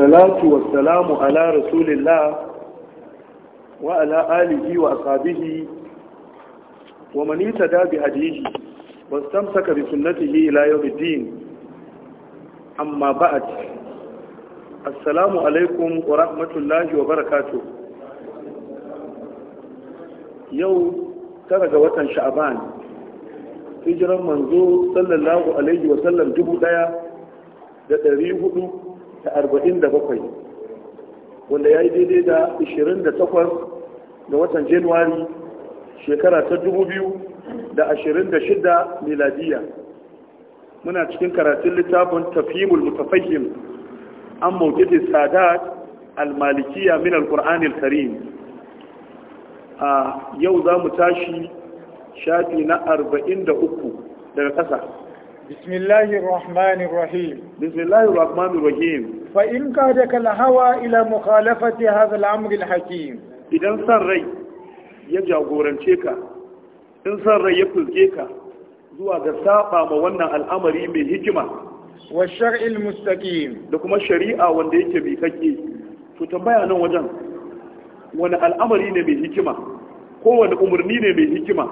salatu wa salamu ala rasulillah wa ala alihi wa asabihi wa manita da bi hadihi wa samsaka bi sunnatihi ila din amma ba'd assalamu alaikum wa rahmatullahi wa barakatuh yau tara ga watan sha'ban hijran manzo sallallahu alaihi wa sallam dubu daya da ɗari huɗu. da arba'in da bakwai wanda ya yi daidai da ashirin da takwas ga watan januwari shekara ta dubu biyu da ashirin da shida miladiya muna cikin karatun littafin tafhimul mutafahim an mawjidi sadat al-malikiya min al-qur'an al-karim a yau za mu tashi shafi na arba'in da uku daga ƙasa بسم الله الرحمن الرحيم بسم الله الرحمن الرحيم فإن قادك الهوى إلى مخالفة هذا الأمر الحكيم إذا صار ري يجا غورنشيكا إن صار ري يفزجيكا زوا غساقا ما ونا الأمر من هجمة والشرع المستقيم لكم الشريعة وان ديك بيكي تتنبايا نو وجن وان الأمر من هجمة kowane umarni ne mai hikima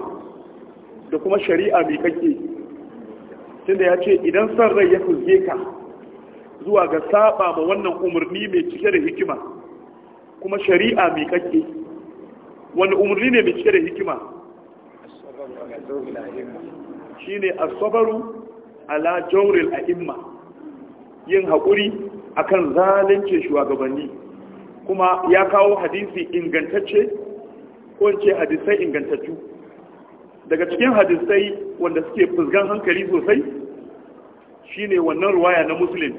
da kuma shari'a mai kake tunda ya ce idan son rai ya fuzge ka zuwa ga saba ma wannan umarni mai cike da hikima kuma shari'a mai kake wani umarni ne mai cike da hikima shi ne sabaru ala jauril a'imma yin haƙuri a kan zalunce shugabanni kuma ya kawo hadisi ingantacce ko ce hadisai ingantattu daga cikin hadisai wanda suke fusgan hankali sosai shine wannan ruwaya na muslim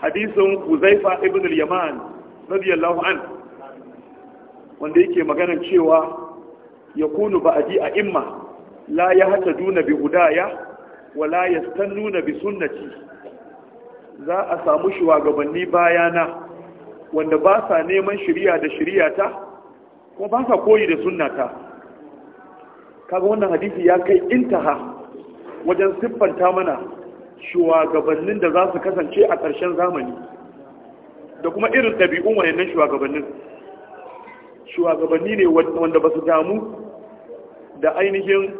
hadisin huzaifa ibn al-yaman radiyallahu an wanda yake maganar cewa ya kunu ba'adi a imma la ya hata duna bi hudaya wa la yastannuna bi sunnati za a samu shugabanni bayana wanda ba sa neman shiriya da ta kuma ba sa koyi da sunnata kaga wannan hadisi ya kai intaha wajen siffanta mana shugabannin da za su kasance a ƙarshen zamani da kuma irin ɗabi'un wayannan shugabannin shugabanni ne wanda ba su damu da ainihin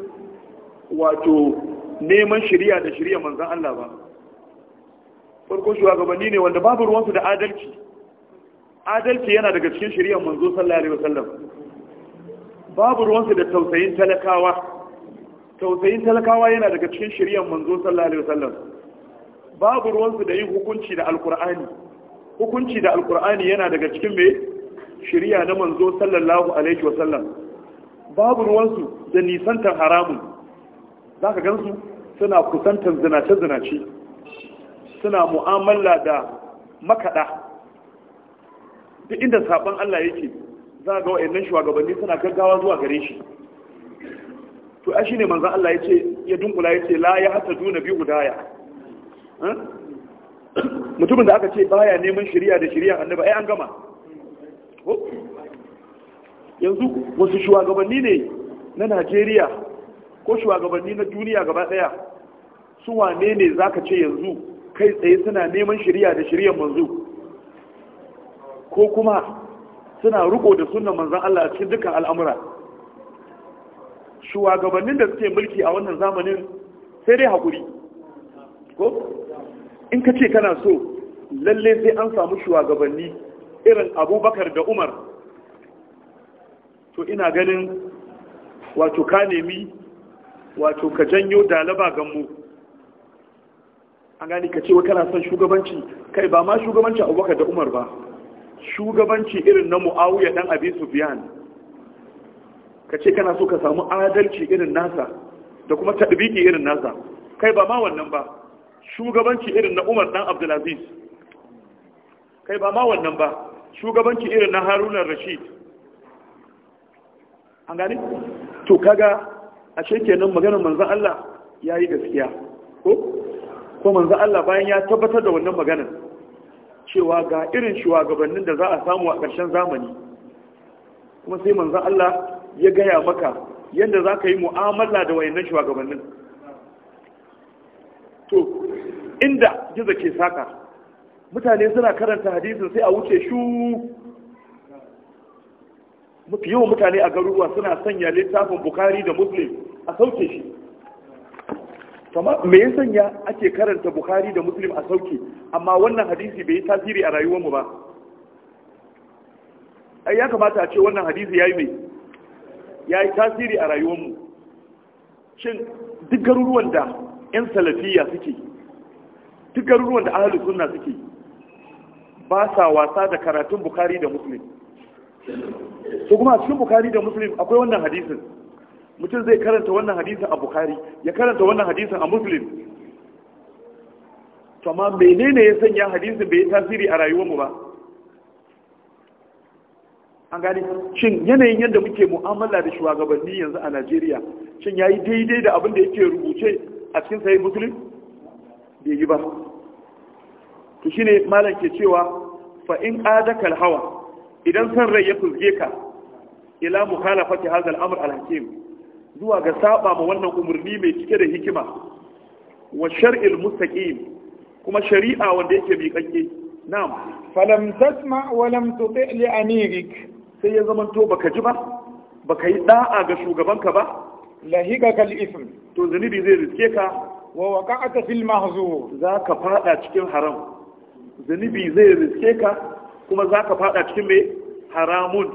wato neman shirya da shirya manzan Allah ba farko shugabanni ne wanda babu ruwansu da adalci adalci yana daga cikin shirya manzo sallallahu alaihi wasallam babu ruwansu da tausayin talakawa tausayin talakawa yana daga cikin shirya manzo sallallahu alaihi wasallam babu ruwansu da yin hukunci da alkur'ani hukunci da alkur'ani yana daga cikin mai shirya na manzo sallallahu alaihi wasallam babu ruwansu da nisantar haramun za ka gansu suna kusantar zinace-zinace suna mu'amala da makaɗa duk inda sabon Allah yake za ga wa'annan shugabanni suna gaggawa zuwa gare shi to a shi ne manzan Allah ya ce ya dunkula ya ce la ya hata juna biyu hudaya Hmm? mutumin da aka ce baya neman shirya da shirya annaba ai an gama yanzu wasu shugabanni ne na Najeriya ko shugabanni na duniya gaba daya su wane ne zaka ce yanzu kai tsaye suna neman shirya da shirya manzo ko kuma suna riko da sunan manzon Allah a cikin dukkan al'amura shugabannin da suke mulki a wannan zamanin sai dai hakuri ko in ka ce kana so lalle sai an samu shugabanni irin abubakar da umar to ina ganin wato ka nemi wato ka janyo dalaba ganmu an gani ka ce wa kana son shugabanci kai ba ma shugabanci abubakar da umar ba shugabanci irin na mu'awiyar dan abin sufiyan ka ce kana so ka samu adalci irin nasa da kuma taɗibiki irin nasa kai ba ma wannan ba shugabanci irin na umar dan abdulaziz kai ba ma wannan ba shugabanci irin na haruna rashid an gane to kaga a shekenan maganar manzan Allah ya yi gaskiya ko ko manzan Allah bayan ya tabbatar da wannan maganar cewa ga irin shugabannin da za a samu a ƙarshen zamani kuma sai manzan Allah ya gaya maka yadda za ka yi mu'amala da wayannan shugabannin to inda gizo ke saka mutane suna karanta hadisin sai a wuce shu mafi yawan mutane a garuruwa suna sanya littafin bukari da muslim a sauke shi me ya sanya ake karanta bukari da muslim a sauke amma wannan hadisi bai yi tasiri a rayuwarmu ba ai ya kamata a ce wannan hadisi ya yi mai ya yi tasiri a rayuwarmu shin duk garuruwan da 'yan salafiya suke duk garuruwan da ahalin sunna suke ba sa wasa da karatun bukari da muslim su kuma a cikin bukari da muslim akwai wannan hadisin mutum zai karanta wannan hadisin a bukari ya karanta wannan hadisin a muslim to ma menene ya sanya hadisin bai yi tasiri a rayuwarmu ba an gane shin yanayin yadda muke mu'amala da shugabanni yanzu a najeriya shin ya yi daidai da abin da yake rubuce a cikin sayi musulmi? bai yi ba to shine malam ke cewa fa adakal hawa idan san rai ya fuzge ka ila mukhalafati hadha al-amr alhakim zuwa ga saba ma wannan umarni mai cike da hikima wa shar'il mustaqim kuma shari'a wanda yake miƙaƙe na'am falam tasma wa lam tuti li amirik sai ya zaman to baka ji ba baka yi da'a ga shugabanka ba lahika kal ism to zunubi zai riske ka wa waqa'ata fil mahzur za ka fada cikin haram zunubi zai riske ka kuma za ka fada cikin mai haramun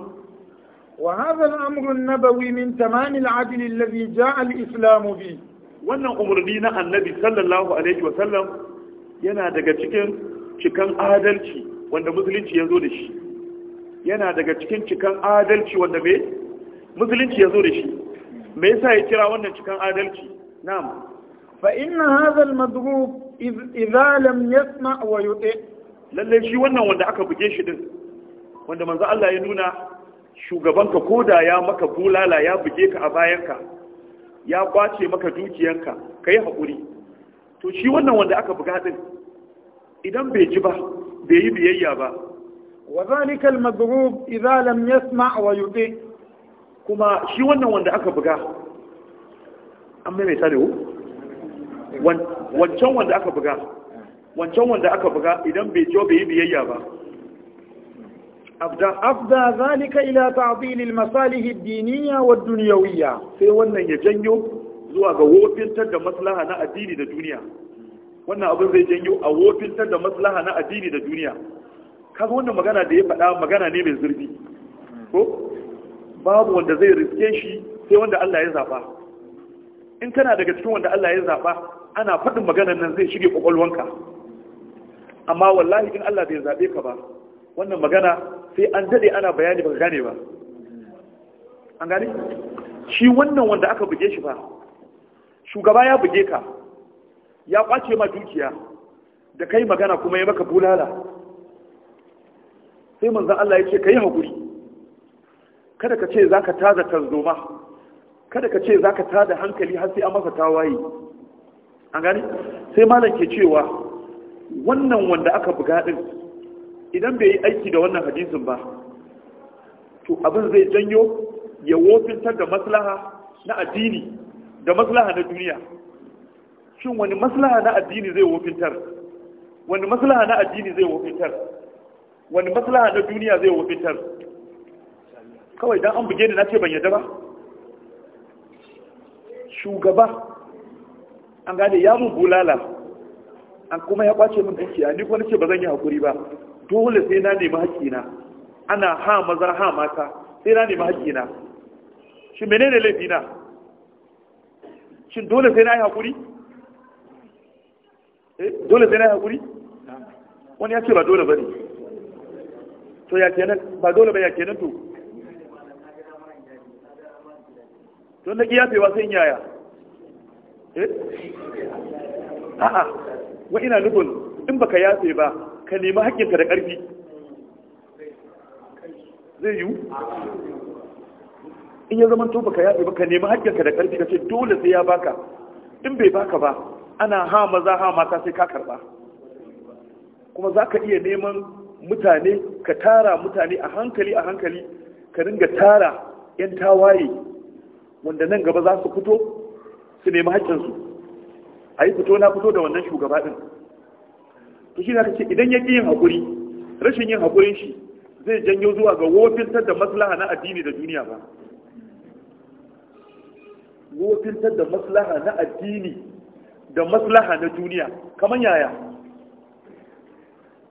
wa hadha al-amru an-nabawi min tamam al-adl alladhi ja'a al bi wannan umarni na annabi sallallahu alaihi wa sallam yana daga cikin cikan adalci wanda musulunci ya zo da shi yana ya zo ya kira wannan cikan adalci فإن هذا المضروب إذا لم يسمع ويطع lalle shi wannan wanda aka buge shi din wanda manzo Allah ya nuna shugabanka koda ya maka bulala ya buge ka a bayanka ya kwace maka dukiyanka kai hakuri to shi wannan wanda aka buga din idan bai ji ba bai yi biyayya ba wa zalika al-madrub idza lam yasma' wa yuti kuma shi wannan wanda aka buga an mai mai tare wancan wanda aka buga wancan wanda aka buga idan bai jo bai biyayya ba abda afda zalika ila ta'dil al-masalih ad-diniyya wad-dunyawiyya sai wannan ya janyo zuwa ga wofintar da maslaha na addini da duniya wannan abin zai janyo a wofintar da maslaha na addini da duniya kaga wannan magana da ya faɗa magana ne mai zurfi ko babu wanda zai riske shi sai wanda Allah ya zaba in kana daga cikin wanda Allah ya zaba ana faɗin maganar nan zai shige kwakwalwanka amma wallahi in Allah bai zaɓe ka ba wannan magana sai an daɗe ana bayani baka gane ba an gane shi wannan wanda aka buge shi ba shugaba ya buge ka ya kwace ma dukiya da kai magana kuma ya maka bulala sai manzan Allah ya ce ka yi haƙuri kada ka ce za ka tada tarzoma kada ka ce za ka tada hankali har sai an masa tawaye an gani sai malam ke cewa wannan wanda aka buga din idan bai yi aiki da wannan hadisin ba to abin zai janyo ya wofintar da maslaha na addini da maslaha na duniya shin wani maslaha na addini zai wofintar wani maslaha na addini zai wofintar wani maslaha na duniya zai wofintar kawai dan an buge ni na ce ban yadda ba shugaba an gane ya mun bulala an kuma ya kwace min dukiya ni kuma nace ba zan yi hakuri ba dole sai na nemi haƙƙina ana ha maza ha mata sai na nemi haƙƙina shi menene laifi na shin dole sai na yi hakuri eh dole sai na yi hakuri wani ya ce ba dole bane to ya kenan ba dole ba ya kenan to don na ƙiyafe wa sai yaya Eh? a'a wa ina nufin in baka yafe ba ka nemi haƙƙinka da ƙarfi zai yiwu in ya zama to baka yafe ba ka nemi haƙƙinka da ƙarfi ka ce dole sai ya baka in bai baka ba ana ha maza ha mata sai ka karba kuma za ka iya neman mutane ka tara mutane a hankali a hankali ka ringa tara 'yan tawaye wanda nan gaba za su fito su nemi haƙƙinsu a yi fito na fito da wannan shugaba ɗin to shi ce idan ya ƙi yin haƙuri rashin yin haƙurin shi zai janyo zuwa ga wofintar da maslaha na addini da duniya ba wofintar da maslaha na addini da maslaha na duniya kamar yaya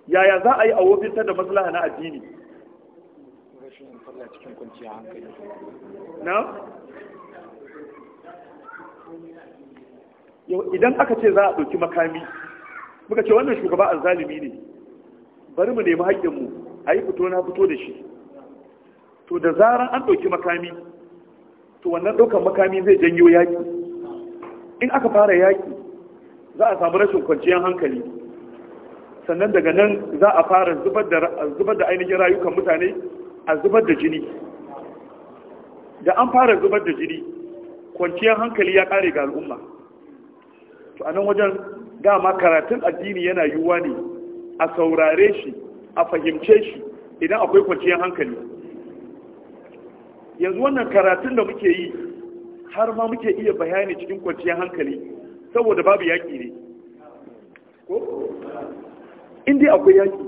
yaya za a yi a wofintar da maslaha na addini na idan aka ce za a ɗauki makami muka ce wannan shugaba a zalimi ne bari mu nemi haƙƙinmu a yi fito na fito da shi to da zarar an ɗauki makami to wannan ɗaukar makami zai janyo yaƙi in aka fara yaƙi za a samu rashin kwanciyar hankali sannan daga nan za a fara zubar da ainihin rayukan mutane a zubar da jini da an fara zubar da jini kwanciyar hankali ya kare ga al'umma to nan wajen dama karatun addini yana yiwuwa ne a saurare shi a fahimce shi idan akwai kwanciyar hankali yanzu wannan karatun da muke yi har ma muke iya bayani cikin kwanciyar hankali saboda babu yaƙi ne ko inda akwai yaƙi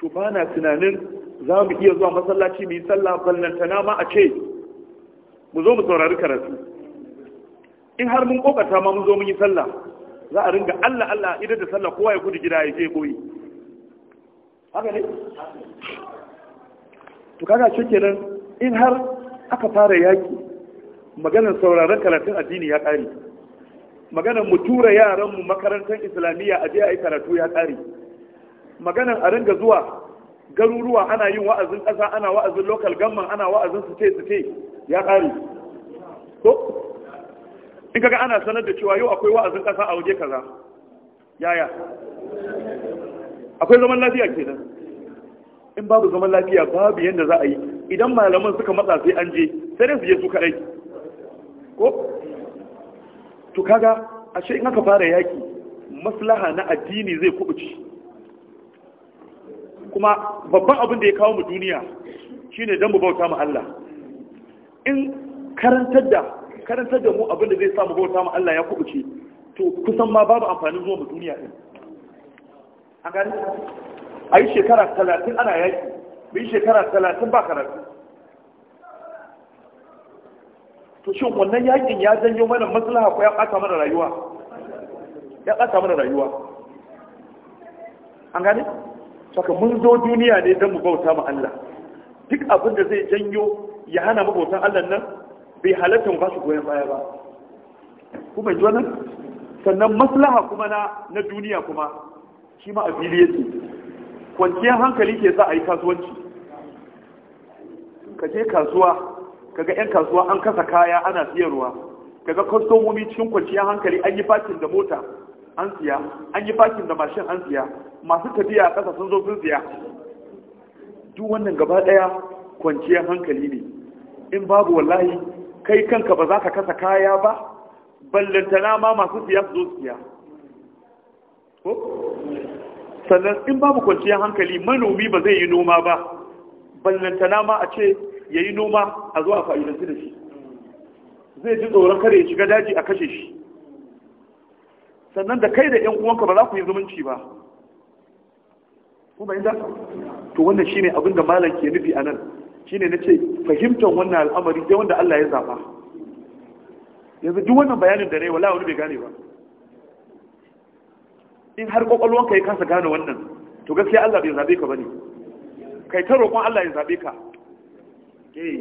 to ba na tunanin za mu iya zuwa masallaci mu sallah ballantana ma a ce mu zo mu saurari karatu in har mun kokata ma mun zo mun yi sallah za a ringa Allah Allah idan da sallah kowa ya gudu gida ya je koyi haka ne to kaga shi kenan in har aka fara yaki maganar sauraron karatun addini ya kare maganar mu tura yaran mu makarantar islamiyya a je a yi karatu ya kare maganar a ringa zuwa garuruwa ana yin wa'azin kasa ana wa'azin local government ana wa'azin su ce ya kare in kaga ana sanar da cewa yau akwai wa'azin kasa a waje kaza yaya akwai zaman lafiya kenan in babu zaman lafiya babu yadda za a yi idan malaman suka matsa sai an je sai dai su je su kaɗai. ko to kaga ashe in aka fara yaki maslaha na addini zai kubuci kuma babban abin da ya kawo mu duniya shine dan mu bauta mu Allah in karantar da karantar da mu abin da zai samu bauta ma Allah ya kubuce to kusan ma babu amfanin zuwa mu duniya din an gani a yi shekara talatin ana yaki mu shekara talatin ba karatu to shin wannan yakin ya janyo mana maslaha ko ya ɓata mana rayuwa ya ɓata mana rayuwa an gani saka mun zo duniya ne don mu bauta ma Allah duk abin da zai janyo ya hana mabautan Allah nan bai halatta ba shi goyon baya ba ku bai wannan sannan maslaha kuma na duniya kuma shi ma a fili yake kwanciyar hankali ke za a yi kasuwanci ka je kasuwa kaga yan kasuwa an kasa kaya ana siyarwa kaga kwastomomi cikin kwanciyar hankali an yi fakin da mota an siya an yi fakin da mashin an siya masu tafiya a ƙasa sun zo sun siya duk wannan gaba ɗaya kwanciyar hankali ne in babu wallahi kai kanka ba za ka kasa kaya ba ballantana ma masu siya su zo siya sannan in babu kwanciyar hankali manomi ba zai yi noma ba ballantana ma a ce ya yi noma a zuwa fa'idansu da shi zai ji tsoron kare ya shiga daji a kashe shi sannan da kai da 'yan uwanka ba za ku yi zumunci ba kuma inda to wannan shine abin da malam ke nufi a nan shine na ce fahimtar wannan al'amari sai wanda Allah ya zaba yanzu duk wannan bayanin da ne wala wani bai gane ba in har kwakwalwanka ya kasa gane wannan to gaskiya Allah bai zabe ka bane kai ta roƙon Allah ya zabe ka eh.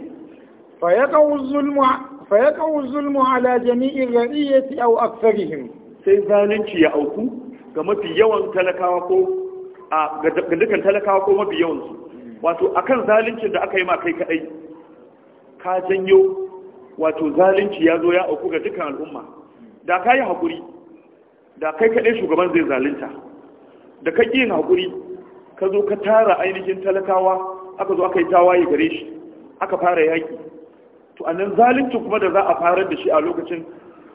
fa ya kawo zulmu ala jami'i ra'iyyati aw aktharihim sai zalunci ya auku ga mafi yawan talakawa ko ga dukkan talakawa ko mafi yawan su wato akan zaluncin da aka yi ma kai kadai ka janyo wato zalunci ya zo ya auku ga dukkan al'umma da ka yi haƙuri da kai kaɗai shugaban zai zalunta da ka ƙi yin ka zo ka tara ainihin talakawa aka zo aka yi tawaye gare shi aka fara yaƙi to a nan kuma da za a fara da shi a lokacin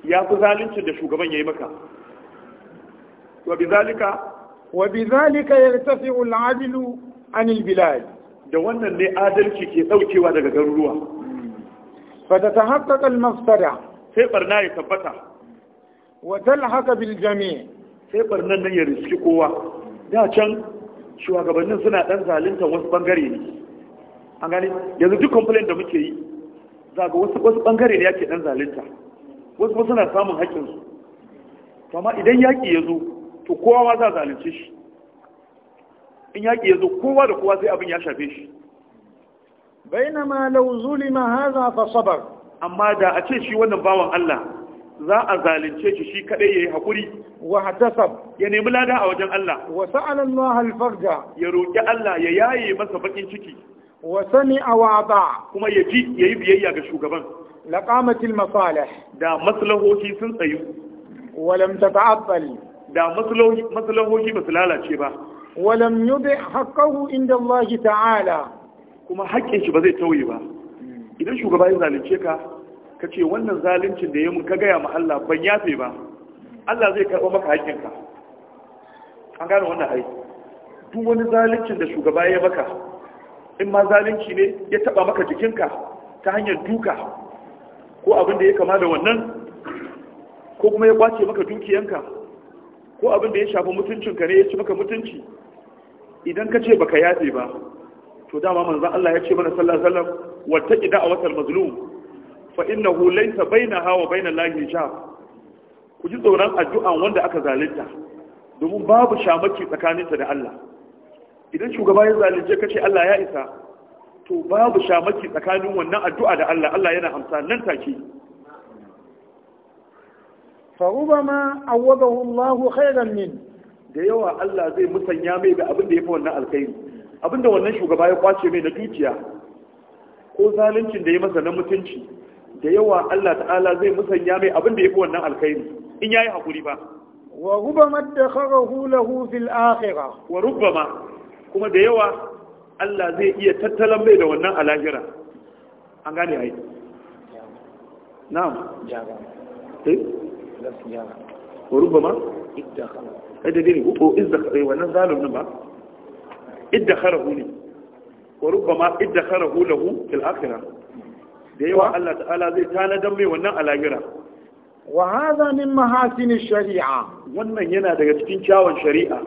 ya fi zaluncin da shugaban ya yi maka wa bi zalika wa bi zalika yartafi'u al da wannan ne adalci ke daukewa daga garuruwa fata ta haƙaƙa mafsada sai barna ya tabbata wata haka bil jami sai barnan nan ya riski kowa da can shugabannin suna ɗan zalinta wasu ɓangare ne an gani yanzu duk complain da muke yi za ga wasu wasu ɓangare ne yake ɗan zalunta wasu ba suna samun haƙƙinsu to amma idan yaƙi ya zo to kowa ma za a zalunce shi in yaƙi ya zo kowa da kowa sai abin ya shafe shi bainama law zulima hadha amma da a ce shi wannan bawan Allah za a zalunce shi shi kadai yayi hakuri wa hatasab ya nemi lada a wajen Allah wa sa'ala Allah al-farja ya roki Allah ya yaye masa bakin ciki wa sami'a wa kuma ya ji yayi biyayya ga shugaban laqamatil masalih da maslahohi sun tsayu wa lam tata'abbal da maslahohi ba su lalace ba wa lam yudi haqqahu inda Allah ta'ala kuma haƙƙin shi ba zai tauye ba idan shugaba ya zalunce ka ka ce wannan zaluncin da ya mun ka gaya ma Allah ban yafe ba Allah zai karɓa maka haƙƙin ka an gane wannan ai duk wani zaluncin da shugaba ya maka in ma zalunci ne ya taba maka jikin ka ta hanyar duka ko abin da ya kama da wannan ko kuma ya kwace maka dukiyanka ko abin da ya shafi mutuncinka ne ya ci maka mutunci idan ka ce baka yafe ba to dama manzon Allah ya ce mana sallallahu alaihi wasallam wattaqi da'watal mazlum fa innahu laysa bainaha wa bainal lahi hijab ku ji tsoron addu'an wanda aka zalunta domin babu shamaki tsakaninta da Allah idan shugaba ya zalunce kace Allah ya isa to babu shamaki tsakanin wannan addu'a da Allah Allah yana amsa nan take fa rubama awadahu Allah khairan min da yawa Allah zai musanya mai da abin da fi wannan alkhairi abinda wannan shugaba ya kwace mai na dukiya ko zaluncin da ya masa na mutunci da yawa Allah ta'ala zai musanya mai abinda ya fi wannan alkhairi in ya yi hakuri ba wa ruba rubama dakharahu lahu fil akhirah wa ruba ma kuma da yawa Allah zai iya tattalan mai da wannan alahira an gane ai na'am eh wa kada dai ko oh, eh, wannan zalumin ba iddakharahu ne wa rubbama iddakharahu lahu fil akhirah da yawa Allah ta'ala zai tanadan mai wannan alagira wa hadha min mahasin shari'a wannan yana daga cikin kyawun shari'a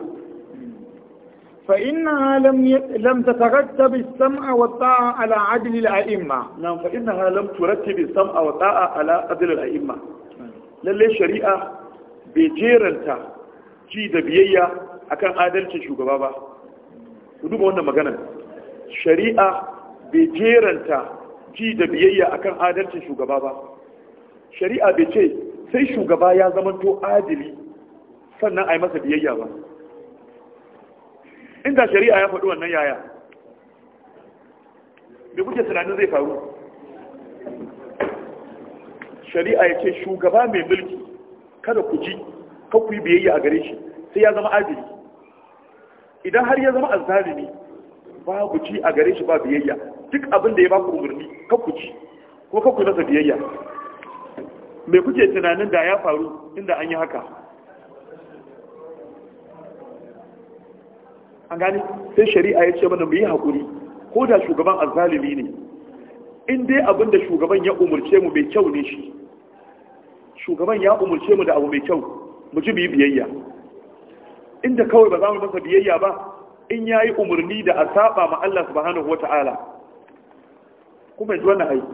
fa innaha lam lam tatarattab as-sam'a wa ta'a ala 'adli al-a'imma nam fa innaha lam turattib as-sam'a wa ta'a ala 'adli al-a'imma lalle shari'a bai jeranta ci da biyayya akan adalcin shugaba ba ku duba wannan maganar shari'a bai jeranta ji da biyayya akan adalcin shugaba ba shari'a bai ce sai shugaba ya zamanto adili sannan a yi masa biyayya ba inda shari'a ya faɗi wannan yaya da kuke tunanin zai faru shari'a ya ce shugaba mai mulki kada ku ji ku yi biyayya a gare shi sai ya zama adili idan har ya zama azzalimi ku ci a gare shi ba biyayya duk abin da ya baku umarni ka ku ci ko ka ku nasa biyayya me kuke tunanin da ya faru inda an yi haka an gani sai shari'a ya ce mana mu yi haƙuri ko da shugaban azzalimi ne in dai abin da shugaban ya umarce mu mai kyau ne shi shugaban ya umarce mu da abu mai kyau mu ji mu yi biyayya inda kawai ba za mu masa biyayya ba in ya yi umarni da a saba ma Allah subhanahu ta'ala kuma yanzu wannan haiti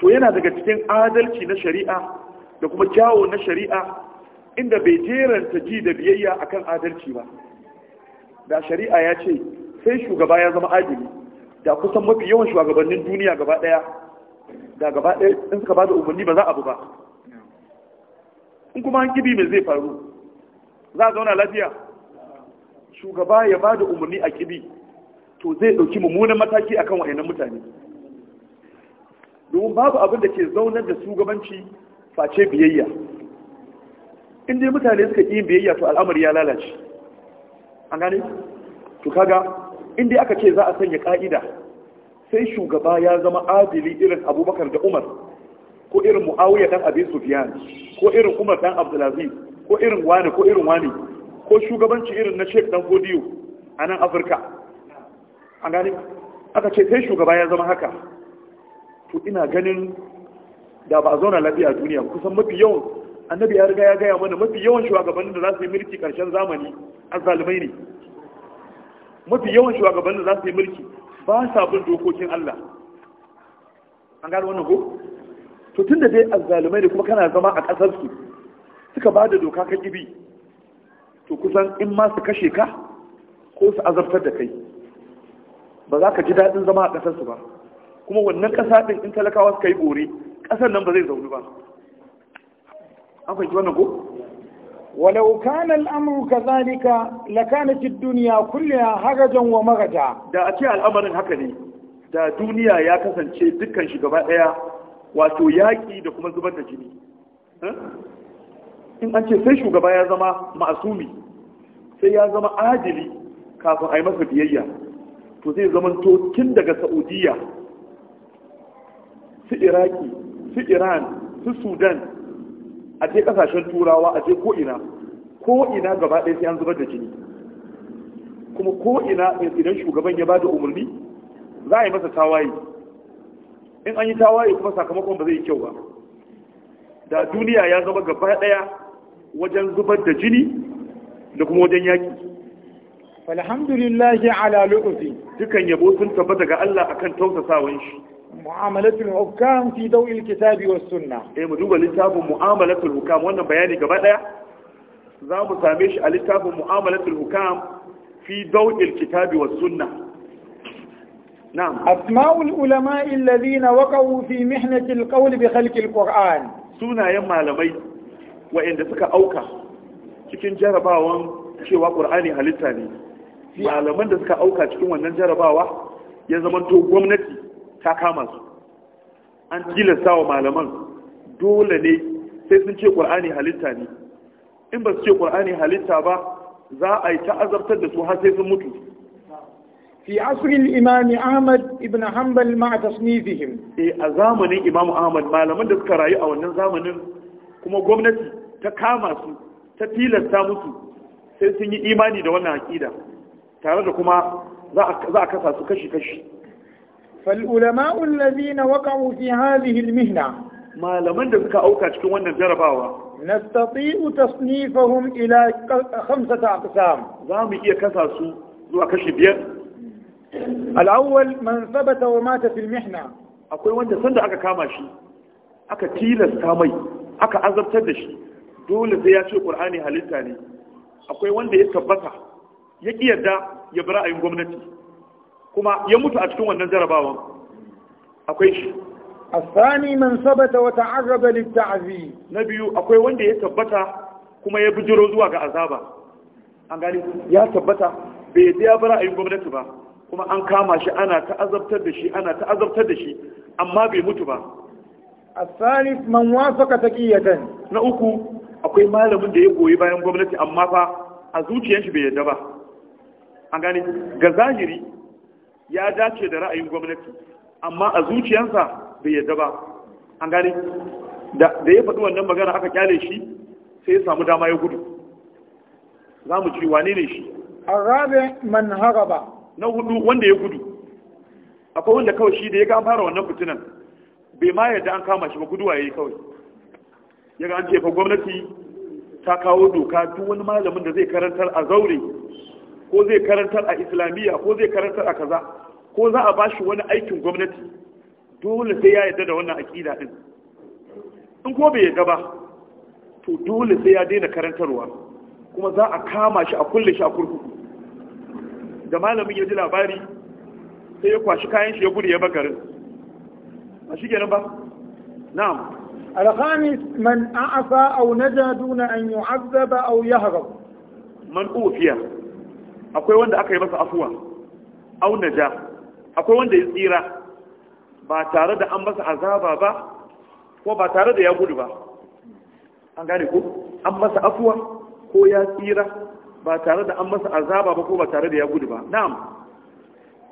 to yana daga cikin adalci na shari'a da kuma kyawo na shari'a inda bai jeranta ji da biyayya akan adalci ba da shari'a ya ce sai shugaba ya zama adili da kusan mafi yawan shugabannin duniya gaba daya da gaba daya in suka ba da umarni ba za a bu ba in kuma an kibi mai zai faru za a zauna lafiya shugaba ya ba da umarni a kibi to zai ɗauki mummunan mataki akan wa'annan mutane domin babu abin da ke zaunar da shugabanci face biyayya inda dai mutane suka yi biyayya to al'amari ya lalace an gane to kaga in dai aka ce za a sanya ka'ida sai shugaba ya zama adili irin abubakar da umar ko irin muawiya dan abin sufiyan ko irin umar dan abdulaziz ko irin wani ko irin wani ko shugabanci irin na Sheikh Dan Godiyo a nan Afirka an gani aka ce sai shugaba ya zama haka to ina ganin da ba a zauna lafiya a duniya kusan mafi yawan annabi ya riga ya gaya mana mafi yawan shugabannin da za su yi mulki karshen zamani azzalumai ne mafi yawan shugabannin da za su yi mulki ba sa bin dokokin Allah an gano wannan ko to tunda dai azzalumai ne kuma kana zama a kasar su suka ba da doka ka kibi to kusan in ma su kashe ka ko su azabtar da kai ba za ka ji daɗin zama a ƙasarsu ba kuma wannan ƙasa ɗin in talakawa suka yi bore ƙasar nan ba zai zaunu ba an fahimci wannan ko ولو كان الأمر كذلك لكانت الدنيا كلها هرجا ومرجا da a ce al'amarin haka ne da duniya ya kasance dukkan shi gaba ɗaya wato yaƙi da kuma zubar da jini in an ce sai shugaba ya zama masumi, sai ya zama adili kafin a yi masa biyayya to zai zama to tun daga saudiya su iraki su iran su sudan a je kasashen turawa a je ko'ina ko'ina gaba ɗaya sai an zubar da jini kuma ko'ina idan shugaban ya ba da umarni za a yi masa tawaye in an yi tawaye kuma sakamakon ba zai yi kyau ba da duniya ya zama gaba ɗaya wajen zubar da jini da kuma wajen yaki alhamdulillahi ala lu'fi dukan yabo sun tabbata ga Allah akan tausasawan shi mu'amalatul hukam fi dawil kitabi was sunna eh mu duba littafin mu'amalatul hukam wannan bayani gaba daya za mu same shi a littafin mu'amalatul hukam fi dawil kitabi was sunna نعم أسماء العلماء الذين وقعوا في محنة القول بخلق القرآن سنة يا malamai. wa'inda suka auka cikin jarabawan cewa ƙur'ani halitta ne malaman da suka auka cikin wannan jarabawa ya zama to gwamnati ta kama su an tilasta wa malaman dole ne sai sun ce ƙur'ani halitta ne in ba su ce ƙur'ani halitta ba za a yi ta azabtar da su har sai sun mutu fi asirin imami ahmad ibn hanbal ma a tasnifihim eh a zamanin imamu ahmad malaman da suka rayu a wannan zamanin kuma gwamnati ta kama su ta tilasta musu sai sun yi imani da wannan aƙida tare da kuma za a kasa su kashi-kashi فالعلماء الذين وقعوا في هذه المهنة ما cikin wannan jarabawa نستطيع تصنيفهم إلى خمسة Za mu iya kasa su zuwa kashi biyar الأول من ثبت ومات في المحنة akwai wanda sanda aka kama shi aka tilasta mai aka azabtar da shi dole sai ya ce ƙur'ani halitta ne akwai wanda ya tabbata ya ƙi yarda ya bi ra'ayin gwamnati kuma ya mutu a cikin wannan jarabawan akwai shi man sabata من ثبت وتعرض Na biyu akwai wanda ya tabbata kuma ya bijiro zuwa ga azaba an gani ya tabbata bai yadda ya bara ayin gwamnati ba kuma an kama shi ana ta'azabtar da shi ana azabtar da shi amma bai mutu ba الثالث man وافق taqiyatan na uku akwai malamin da ya goyi bayan gwamnati amma fa a zuciyar bai yadda ba an gane ga zahiri ya dace da ra'ayin gwamnati amma a zuciyarsa bai yadda ba an gane da ya faɗi wannan magana aka kyale shi sai ya samu dama ya gudu za mu ci wane ne shi arabe man ba. na hudu wanda ya gudu akwai wanda kawai shi da ya ga fara wannan fitinan bai ma yadda an kama shi ba guduwa yayi kawai yaga an ce fa gwamnati ta kawo doka duk wani malamin da zai karantar a zaure ko zai karantar a islamiyya ko zai karantar a kaza ko za a bashi wani aikin gwamnati dole sai ya yarda da wannan aƙida din in ko bai yarda ba to dole sai ya daina karantarwa kuma za a kama shi a kulle shi a kurkuku da malamin ya ji labari sai ya kwashi kayan shi ya gudu ya bagarin a shi ba na'am الخامس من أعفى أو نجا anyi أن يعذب أو يهرب من أوفي أقول وانا أكي بس أفوا أو نجا أقول وانا يسيرا ba tare da an masa azaba ba ko ba tare da ya gudu ba an gane ko an masa afuwa ko ya tsira ba tare da an masa azaba ba ko ba tare da ya gudu ba na'am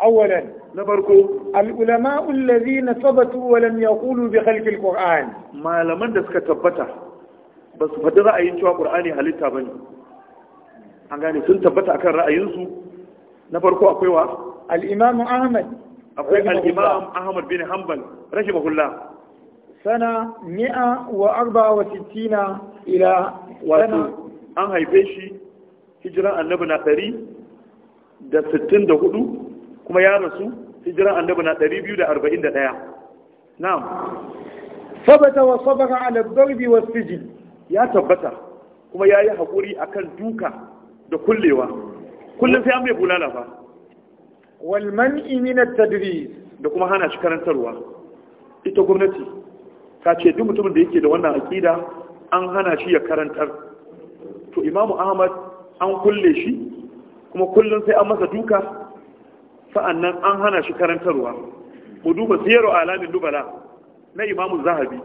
أولا نبركو العلماء الذين ثبتوا ولم يقولوا بخلق القرآن ما لمن دسك تبتا بس فدر رأيين شوى قرآني هلتا بني أنغاني سن تبتا أكان رأيينسو نبركو أقوى الإمام أحمد أقوى الإمام أحمد بن حنبل رحمه الله سنة 164 إلى سنة أنهي بيشي هجرة النبي ناصري da 64 kuma ya rasu hijira annabi na 241 na'am sabata wa sabaka ala darbi wa sijil ya tabbata kuma ya yi haƙuri akan duka da kullewa kullum sai an bai bulala fa wal man'i min at da kuma hana shi karantarwa ita gwamnati ta ce duk mutumin da yake da wannan aƙida an hana shi ya karantar to imamu ahmad an kulle shi kuma kullum sai an masa duka sa'annan an hana shi karantarwa mu duba siyaru alamin dubala na imamu zahabi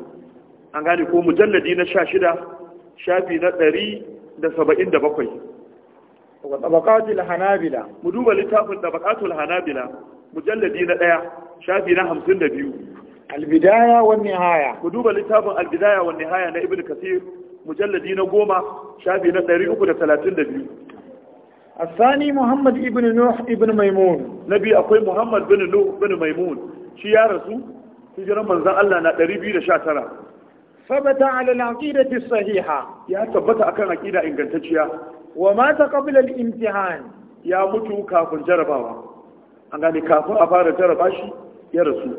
an gane ko mujalladi na sha shida shafi na ɗari da saba'in da bakwai wa tabaqatul hanabila mu duba littafin tabaqatul hanabila mujalladi na ɗaya shafi na hamsin da biyu albidaya wa nihaya mu duba littafin albidaya wa nihaya na ibn kasir mujalladi na goma shafi na ɗari uku da talatin da biyu الثاني محمد ابن نوح ابن ميمون نبي أقوي محمد بن نوح بن ميمون شي يا رسول هجرة من ذا الله نقريبي لشاترة ثبت على العقيدة الصحيحة يا ثبت أكان عقيدة إن كنت ومات قبل الامتحان يا متو كافر جرباوا أنا كافر أفار جرباشي ya rasu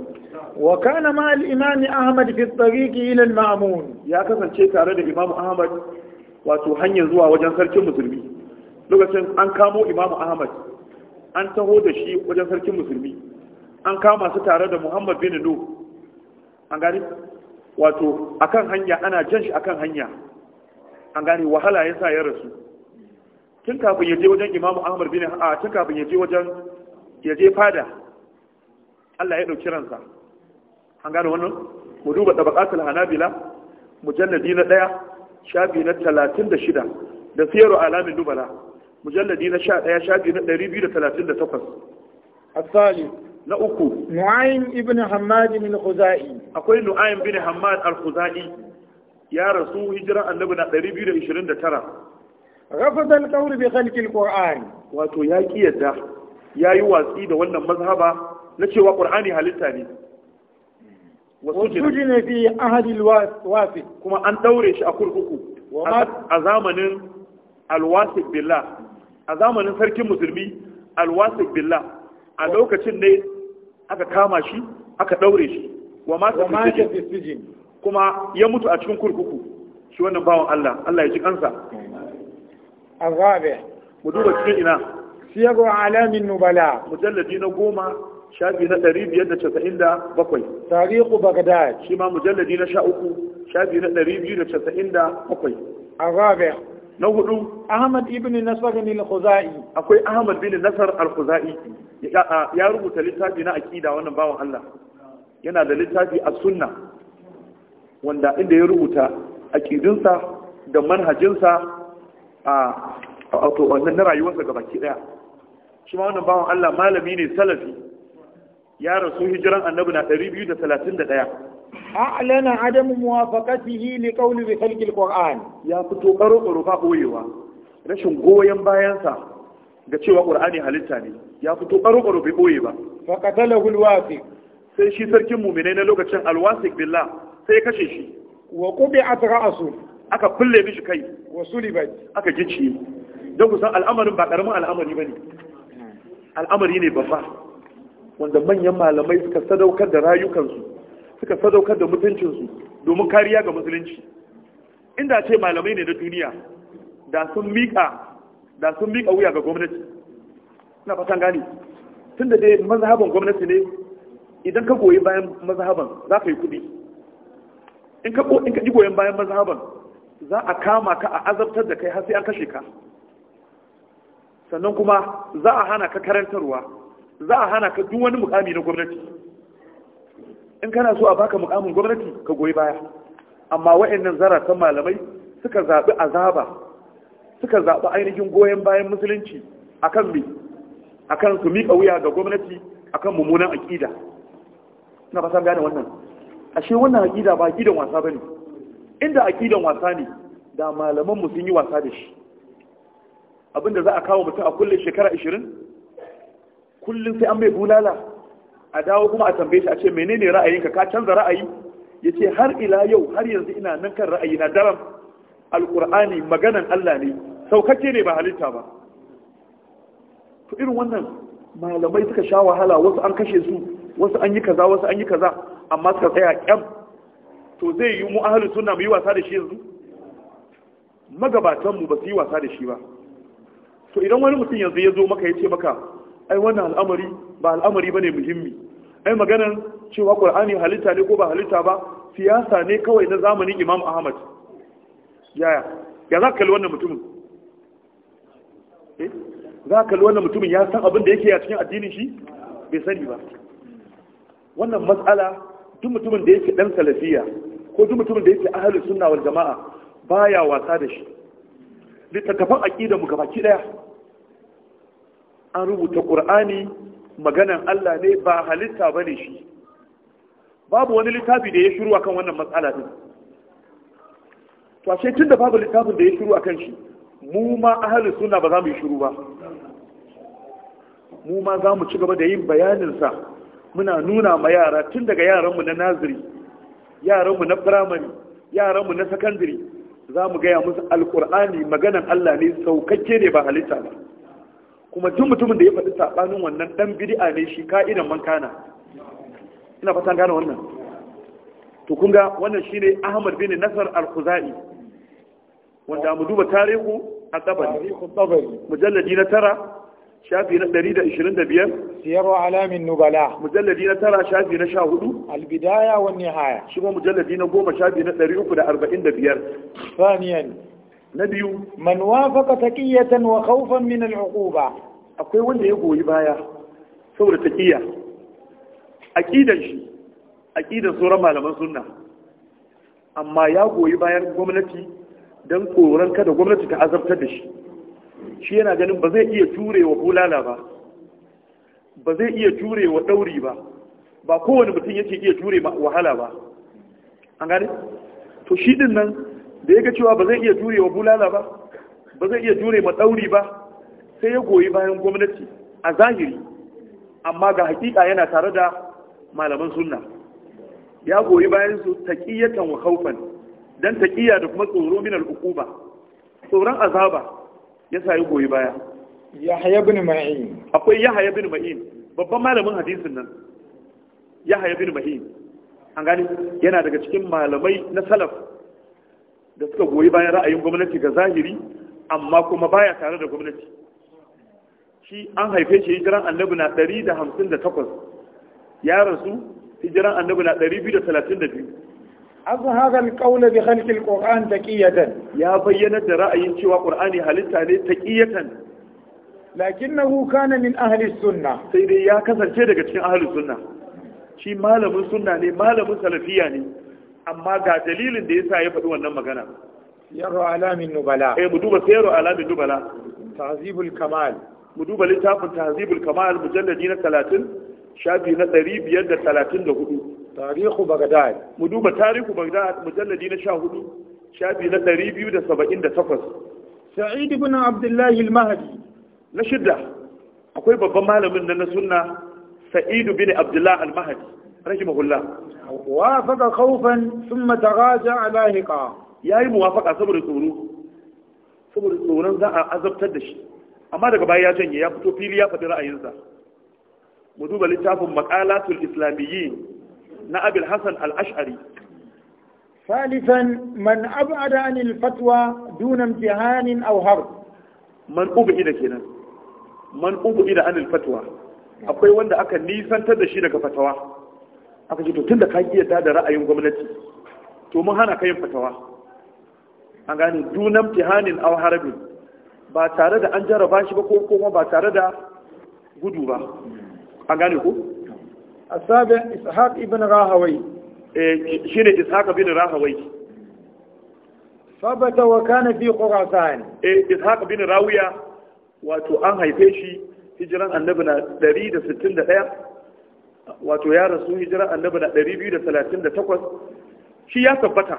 wa kana ma al-imam ahmad fi tariqi ila al-ma'mun ya kasance tare da imam ahmad wato hanyar zuwa wajen sarkin musulmi lokacin an kamo imamu ahmad an taho da shi wajen sarkin musulmi an kama su tare da muhammad bin nu an gani wato akan hanya ana jan shi akan hanya an gani wahala ya sa ya rasu tun kafin ya je wajen imamu ahmad bin a tun kafin ya je wajen ya je fada Allah ya dauki ransa an gani wannan mu duba tabaqatul hanabila mujalladi na daya shafi na 36 da siyaru alamin dubala mujalladi na sha 11 shafi na ɗari biyu da talatin 238 asali na uku Nu'ayin ibn hammad min khuzai akwai Nu'ayin ibn Hamad al-khuzai ya rasu hijira annabi na 229 رفض القول بخلق القرآن واتو yadda ya yi watsi da wannan mazhaba na cewa Qur'ani halitta ne Wasu wasujina fi ahli alwasi kuma an daure shi a kurkuku a zamanin alwasi billah a zamanin sarkin musulmi alwasik billah a lokacin ne aka kama shi aka daure shi wa mata fi kuma ya mutu a cikin kurkuku shi wannan bawan Allah Allah ya ji kansa azabe mu duba cikin ina siyago alamin nubala mujalladi na goma shafi na ɗari biyar da casa'in da bakwai tarihu bagdad shi ma mujalladi na sha uku shafi na ɗari biyu da casa'in da bakwai azabe na hudu ahmad ibn nasar al-khuzai akwai ahmad bin nasar al-khuzai ya rubuta littafi na aqida wannan bawan Allah yana da littafi as-sunna wanda inda ya rubuta aqidinsa da manhajinsa a wato wannan rayuwarsa gabaki daya shi ma wannan bawan Allah malami ne salafi ya rasu hijiran annabi na 231 أعلن عدم موافقته لقول بخلق القرآن يا فتو قرو قرو فاقويوا رشن قويا بايانسا da cewa ƙur'ani halitta ne ya fito ƙaro-ƙaro bai ɓoye ba faƙatalahu alwasik sai shi sarkin muminai na lokacin alwasik billah sai kashe shi wa qubi atrasu aka kulle mishi kai wa sulibat aka gici don kusan al'amarin ba karamin al'amari bane al'amari ne babba wanda manyan malamai suka sadaukar da rayukansu suka sadaukar da mutuncinsu domin kariya ga musulunci inda ce malamai ne na duniya da sun miƙa da sun miƙa wuya ga gwamnati ina fatan gani tun da dai mazhaban gwamnati ne idan ka goyi bayan mazhaban za ka yi kuɗi in ka ji goyon bayan mazhaban za a kama ka a azabtar da kai har sai an kashe ka sannan kuma za a hana ka karantarwa za a hana ka duk wani mukami na gwamnati in kana so a baka mukamin gwamnati ka goyi baya amma wa'annan zaratan malamai suka zaɓi azaba suka zaɓi ainihin goyon bayan musulunci akan me akan su miƙa wuya ga gwamnati akan mummunan aƙida na fasa gane wannan ashe wannan aƙida ba aƙidan wasa bane inda aƙidan wasa ne da malaman mu sun yi wasa da shi abinda za a kawo mutum a kullum shekara 20 kullum sai an bai bulala a dawo kuma a tambaye shi a ce menene ra'ayinka ka canza ra'ayi ya ce har ila yau har yanzu ina nan kan ra'ayi na daram alƙur'ani maganan Allah ne saukake ne ba halitta ba to irin wannan malamai suka sha wahala wasu an kashe su wasu an yi kaza wasu an yi kaza amma suka tsaya kyam to zai yi mu suna mu yi wasa da shi yanzu magabatanmu ba su yi wasa da shi ba to idan wani mutum yanzu ya zo maka ya ce maka ai wannan al'amari ba al'amari bane muhimmi ai maganar cewa qur'ani halitta ne ko ba halitta ba siyasa ne kawai na zamanin imam ahmad yaya ya za ka wannan mutumin eh? za ka wannan mutumin ya san abin da yake a cikin addinin shi bai sani ba wannan matsala duk mutumin da yake dan salafiya ko duk mutumin da yake ahlus sunna wal jama'a baya wasa da shi littattafan aqida mu gabaki daya an rubuta ƙur'ani. maganan Allah ne ba halitta ba ne shi babu wani littafi da ya shiru akan wannan matsala din to tun da babu littafin da ya shiru akan shi mu ma ahalin suna ba za mu yi shiru ba mu ma za mu ci gaba da yin bayaninsa muna nuna ma yara tun daga yaranmu na naziri yaranmu na firamare yaranmu na sakandiri za mu gaya musu alkur'ani maganan Allah ne saukakke ne ba halitta ba kuma duk mutumin da ya faɗi saɓanin wannan ɗan bid'a ne shi ka'idan man kana ina fatan gane wannan to kun ga wannan shine Ahmad bin Nasar al-Khuzai wanda mu duba tarihu a tabari mujalladi na tara shafi na 125 siyaru alamin nubala mujalladi na tara shafi na 14 albidaya wan nihaya shi kuma mujalladi na goma, shafi na 345 thaniyan na biyu man wafaqa taqiyatan wa khawfan min al'uquba akwai wanda ya goyi baya saboda taqiya aqidan shi aqidan sauran malaman sunna amma ya goyi bayan gwamnati dan koran kada gwamnati ta azabtar da shi shi yana ganin ba zai iya jurewa bulala ba ba zai iya jurewa dauri ba ba kowane mutum yake iya jure wahala ba an gane to shi din nan da ya ga cewa ba zai iya jure wa bulala ba ba zai iya jure ma ɗauri ba sai ya goyi bayan gwamnati a zahiri amma ga hakika yana tare da malaman sunna ya goyi bayan su taƙiyatan wa kaufan dan taƙiya da kuma tsoro min al'uquba tsoron azaba ya sa ya goyi baya yahya ibn ma'in akwai yahya ibn ma'in babban malamin hadisin nan yahya ibn ma'in an gani yana daga cikin malamai na salaf da suka goyi bayan ra'ayin gwamnati ga zahiri amma kuma baya tare da gwamnati shi an haife shi hijiran annabi na 158 ya rasu hijiran annabi na 232 azhara alqawla bi ƙoran ta taqiyatan ya bayyana da ra'ayin cewa qur'ani halitta ne taqiyatan lakinnahu kana min ahli sunna sai dai ya kasance daga cikin ahli sunna shi malamin sunna ne malamin salafiya ne amma ga dalilin da yasa ya faɗi wannan magana yaro alamin nubala eh mu duba sayro alamin nubala tahzibul kamal mu duba littafin tahzibul kamal mujalladi na 30 shafi na 534 tarihu bagdad mu duba tarihu bagdad mujalladi na 14 shafi na 278 sa'id ibn abdullah al-mahdi na shidda akwai babban malamin na sunna sa'id ibn abdullah al-mahdi رحمه الله وافق خوفا a تراجع Ya yi muwafaka saboda tsoro saboda tsoron za a azabtar da shi amma daga baya ya janye ya fito fili ya ra'ayinsa mu duba littafin maqalatul islamiyyin na abil Hassan al-ash'ari salisan man ab'ada anil fatwa dunan imtihanin auhar. Man man ubida kenan man ubida anil fatwa akwai wanda aka nisantar da shi daga fatawa aka ce to tun da ka yarda da ra'ayin gwamnati to mun hana ka yin fatawa A gane dunan tihanin aw harabin ba tare da an jarraba shi ba ko kuma ba tare da gudu ba A gane a asabi ishaq ibn rahawai eh, shi ne ishaq ibn rahawai sabata wa kana fi khurasan eh ishaq ibn rawiya wato an haife shi hijiran annabi na 161 wato ya rasu hijira annabi na 238 shi ya tabbata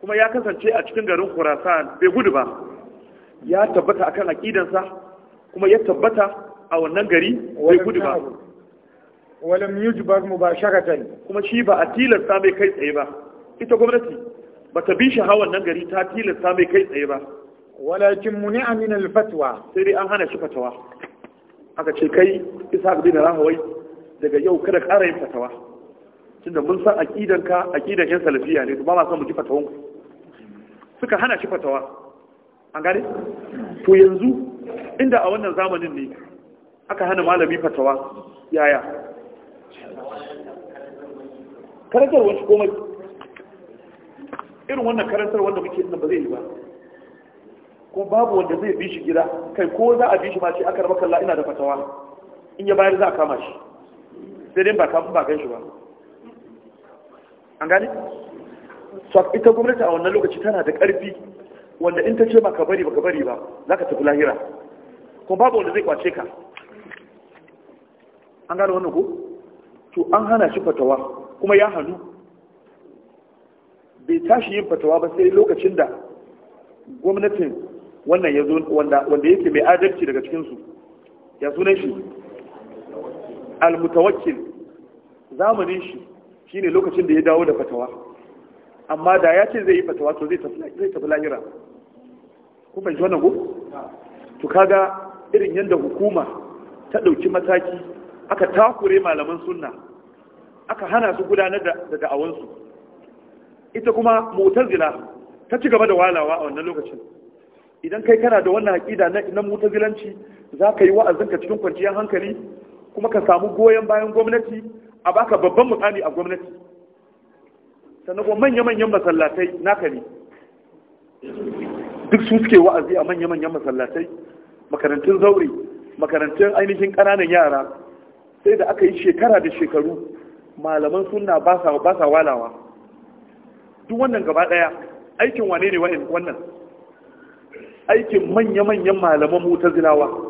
kuma ya kasance a cikin garin Khurasan bai gudu ba ya tabbata akan aqidansa kuma ya tabbata a wannan gari bai gudu ba walam yujbar mubasharatan kuma shi ba a tilasta mai kai tsaye ba ita gwamnati ba ta bi shi hawan nan gari ta tilasta mai kai tsaye ba walakin muni'a min al-fatwa sai dai an hana shi fatawa aka ce kai isa bin rahawai daga yau kada ƙara yin fatawa tunda mun san aqidan ka aqidan yan salafiya ne to ba san mu ji fatawan ku suka hana shi fatawa an gane to yanzu inda a wannan zamanin ne aka hana malami fatawa yaya karantar wani komai irin wannan karantar wanda muke nan ba zai yi ba ko babu wanda zai bi shi gida kai ko za a bi shi ma ce aka raba kalla ina da fatawa in ya bayar za a kama shi sai ba kafin ba ganshi ba an gani ita gwamnati a wannan lokaci tana da ƙarfi wanda in ta ce ba ka bari ba ka bari ba za ka tafi lahira Ko babu wanda zai kwace ka an gano wannan ko to an hana shi fatawa kuma ya hannu bai tashi yin fatawa ba sai lokacin da gwamnatin wannan ya zo wanda yake mai adalci daga cikinsu ya sunan shi al-mutawakkil zamanin shi shine lokacin da ya dawo da fatawa amma da ya ce zai yi fatawa to zai tafi lahira ku fahimci wannan ko to kaga irin yadda hukuma ta ɗauki mataki aka takure malaman sunna aka hana su gudanar da da'awansu ita kuma mutazila ta ci gaba da walawa a wannan lokacin idan kai kana da wannan haƙida na mutazilanci za ka yi wa'azinka cikin kwanciyar hankali kuma ka samu goyon bayan gwamnati a baka babban mukami a gwamnati sannan kuma manya-manyan masallatai naka ne duk su suke wa'azi a manya-manyan masallatai makarantun zaure makarantun ainihin ƙananan yara sai da aka yi shekara da shekaru malaman suna ba sa walawa duk wannan gaba ɗaya aikin wane ne wannan aikin manya-manyan malaman mutazilawa zilawa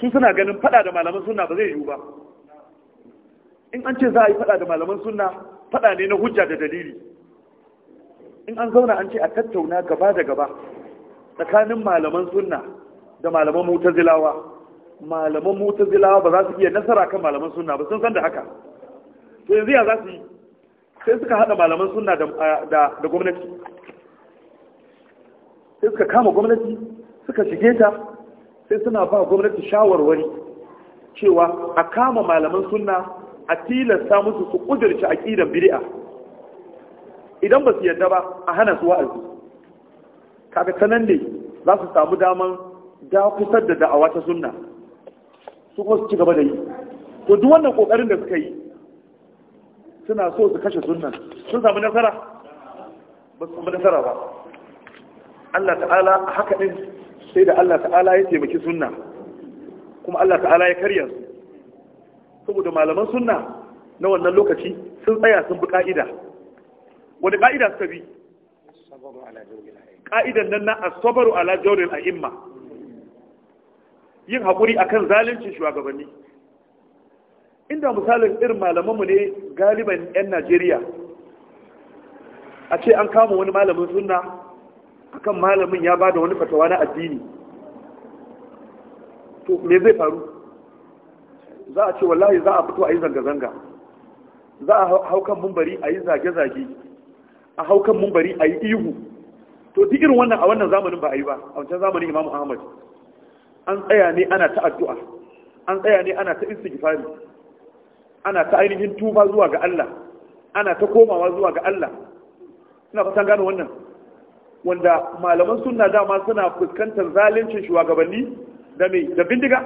su suna ganin fada da malaman sunna ba zai yiwu ba in an ce za a yi fada da malaman sunna fada ne na hujja da dalili in an zauna an ce a tattauna gaba da gaba tsakanin malaman sunna da malaman mutazilawa malaman mutazilawa ba za su iya nasara kan malaman sunna ba sun san da haka to yanzu ya za su yi sai suka hada malaman sunna da gwamnati sai suka kama gwamnati suka shige ta sai suna ba gwamnati shawarwari cewa a kama malaman sunna a tilasta musu su kudurci ƙidan biri'a. idan ba su yadda ba a hana su wa'azi kaga tanan ne za su samu daman da kusar da da'awa ta sunna su kuma su ci gaba da yi to duk wannan kokarin da suka yi suna so su kashe sunna sun samu nasara ba su samu nasara ba Allah ta'ala a haka din sai da Allah ta'ala ya taimaki sunna kuma Allah ta'ala ya karya su saboda malaman sunna na wannan lokaci sun tsaya sun bi ka'ida wani ka'ida suka bi ka'idan nan na asabaru ala a a'imma yin hakuri akan zaluncin shugabanni inda misalin irin malamanmu ne galiban 'yan najeriya a ce an kama wani malamin sunna akan malamin ya bada wani fatawa na addini to me zai faru za a ce wallahi za a fito a yi zanga-zanga za a haukan mumbari a yi zage-zage a haukan mumbari a yi ihu to duk irin wannan a wannan zamanin ba a yi ba a wancan zamanin imam ahmad an tsaya ne ana ta addu'a an tsaya ne ana ta istighfari ana ta ainihin tuba zuwa ga Allah ana ta komawa zuwa ga Allah ina fatan gano wannan wanda malaman suna dama suna fuskantar zalincin shugabanni da mai da bindiga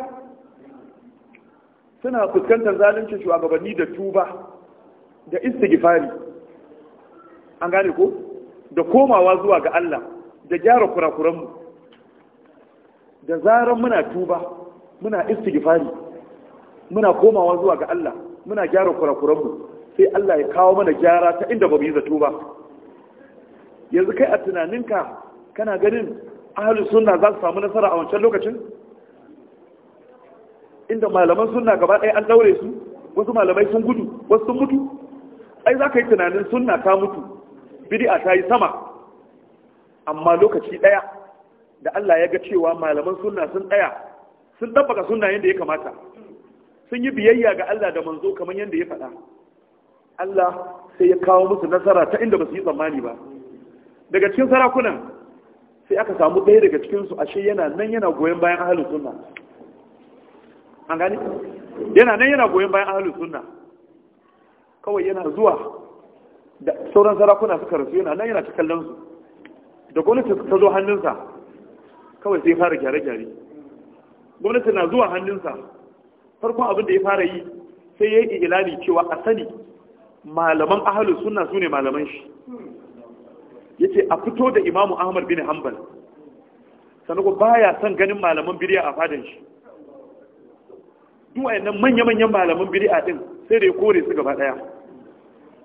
suna fuskantar zalincin shugabanni da tuba da istighfari an gane ko da komawa zuwa ga Allah da gyara kurakuranmu da zaran muna tuba muna istighfari muna komawa zuwa ga Allah muna gyara kurakuranmu sai Allah ya kawo mana gyara ta inda babu yi zato ba yanzu kai a tunaninka kana ganin ahalus sunna za su samu nasara a wancan lokacin inda malaman sunna gaba ɗaya an daure su wasu malamai sun gudu wasu sun mutu ai za ka yi tunanin sunna ta mutu bid'a ta yi sama amma lokaci ɗaya da Allah ya ga cewa malaman sunna sun ɗaya sun dabbaka sunna yadda ya kamata sun yi biyayya ga Allah da manzo kamar yadda ya faɗa Allah sai ya kawo musu nasara ta inda ba su yi tsammani ba daga cikin sarakunan sai aka samu ɗaya daga cikinsu ashe yana nan yana goyon bayan ahalin sunna an gani yana nan yana goyon bayan ahalin sunna kawai yana zuwa da sauran sarakuna suka rasu yana nan yana ta kallon su da gwamnati ta zo hannunsa kawai sai fara gyare-gyare gwamnati na zuwa hannunsa farkon abin da ya fara yi sai ya yi ilani cewa a sani malaman ahalin sunna su ne malaman shi yace a fito da imamu ahmad bin hanbal sannan ko baya son ganin malaman biriya a fadan shi duk wayannan manya-manyan malaman biriya din sai da ya kore su gaba daya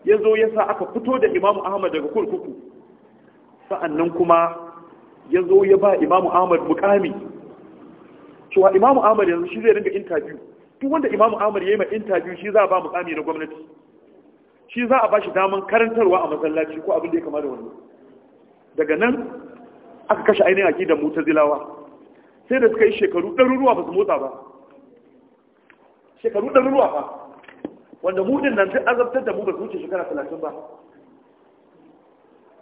ya zo ya sa aka fito da imamu ahmad daga kurkuku sa'annan kuma ya zo ya ba imamu ahmad mukami cewa imamu ahmad yanzu shi zai ringa interview duk wanda imamu ahmad ya yi ma interview shi za a ba mukami na gwamnati shi za a ba shi daman karantarwa a masallaci ko abin da ya kama da wannan daga nan aka kashe ainihin mutar zilawa. sai da suka yi shekaru ɗaruruwa ba su motsa ba shekaru ɗaruruwa ba wanda mudin nan sai azabtar da mu ba su wuce shekara talatin ba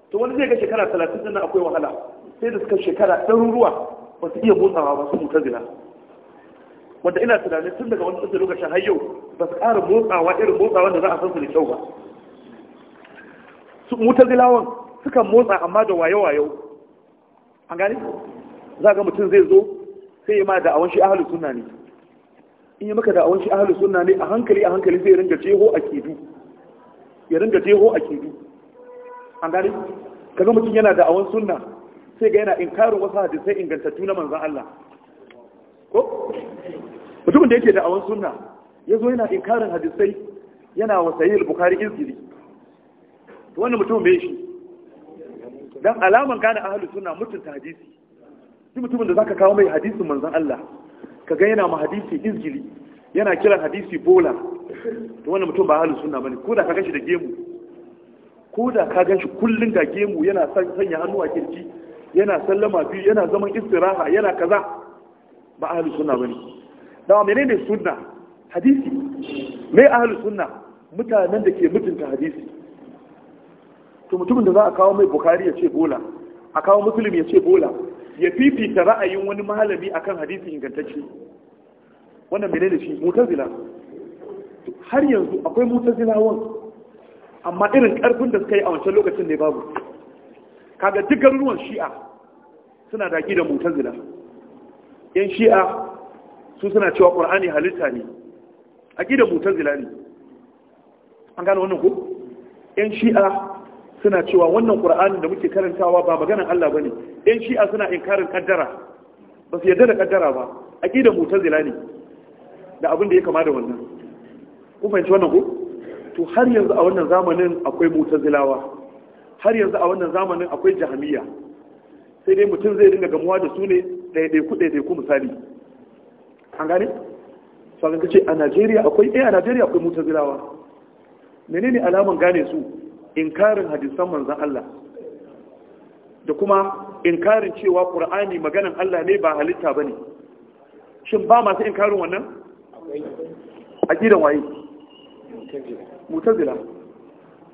to wani zai ga shekara talatin din nan akwai wahala sai da suka shekara ɗaruruwa ba su iya motsawa ba su mutazila wanda ina tunanin tun daga wani tsakiyar lokacin har yau ba su ƙara motsawa irin motsawa da za a san su da kyau ba su zilawan. suka motsa amma da wayo-wayo an gane za ga mutum zai zo sai ma da awon shi ahalu sunna ne in yi maka da awon shi ahalu sunna ne a hankali a hankali zai ringa jeho a kidu ya ringa jeho a kidu an gane kaga mutum yana da awon sunna sai ga yana inkarin wasu hadisai ingantattu na manzan Allah ko mutumin da yake da awon sunna ya zo yana inkarin hadisai yana wasayi al-bukhari izgiri wannan mutum bai shi dan alaman gane ahlus sunna mutunta hadisi duk mutumin da zaka kawo mai hadisin manzon Allah ka ga yana ma hadisi izgili yana kiran hadisi bola to wannan mutum ba ahlus sunna bane ko da ka gashi da gemu ko da ka gashi kullun ga gemu yana sanya hannu a kirji yana sallama biyu yana zaman istiraha yana kaza ba ahlus sunna bane dawa menene sunna hadisi me ahlus sunna mutanen da ke mutunta hadisi to mutumin da za a kawo mai bukari ya ce bola a kawo musulun ya ce bola ya fifita ra'ayin wani malami akan hadisi ingantacce wannan mene da shi mutazila har yanzu akwai mutazilawan amma irin karfin da suka yi a wancan lokacin ne babu kaga duk garuruwan shi'a suna daki da mutazila yan shi'a su suna cewa Al-Qur'ani halitta ne a gida mutazila ne an gano wannan ko yan shi'a suna cewa wannan qur'anin da muke karantawa ba maganan Allah bane ɗan shi'a suna inkarin kaddara ba su yarda da kaddara ba aqidar mu'tazila ne da abin da ya kama da wannan ku fahimci wannan ko to har yanzu a wannan zamanin akwai mu'tazilawa har yanzu a wannan zamanin akwai jahmiya sai dai mutum zai dinga gamuwa da su ne ɗaiɗaiku ku misali an gane sauran ka ce a najeriya akwai eh a najeriya akwai mutazilawa menene alaman gane su inkarin hadisan manzan Allah da kuma inkarin cewa ƙur'ani maganan Allah ne ba halitta ba ne shin ba masu inkarin wannan? a gidan waye mutazila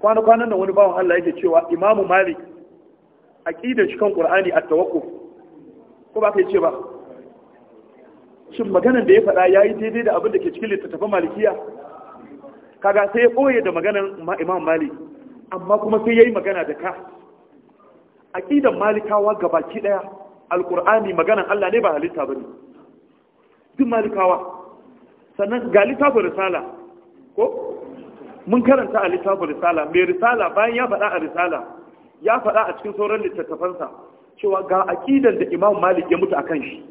kwana-kwanan wani bawan Allah yake cewa imamu malik a ƙidan cikin ƙur'ani a tawakko ko ba ka yi ce ba shin maganan da ya faɗa ya yi daidai da abin da ke cikin littattafan malikiya kaga sai ya ɓoye da maganan imam malik amma kuma sai yayi magana da ka aqidan malikawa gabaki daya alqur'ani maganan Allah ne ba halitta bane duk malikawa sannan ga littafin risala ko mun karanta a littafin risala mai risala bayan ya faɗa a risala ya faɗa a cikin sauran littattafansa cewa ga aqidan da Imam Malik ya mutu akan shi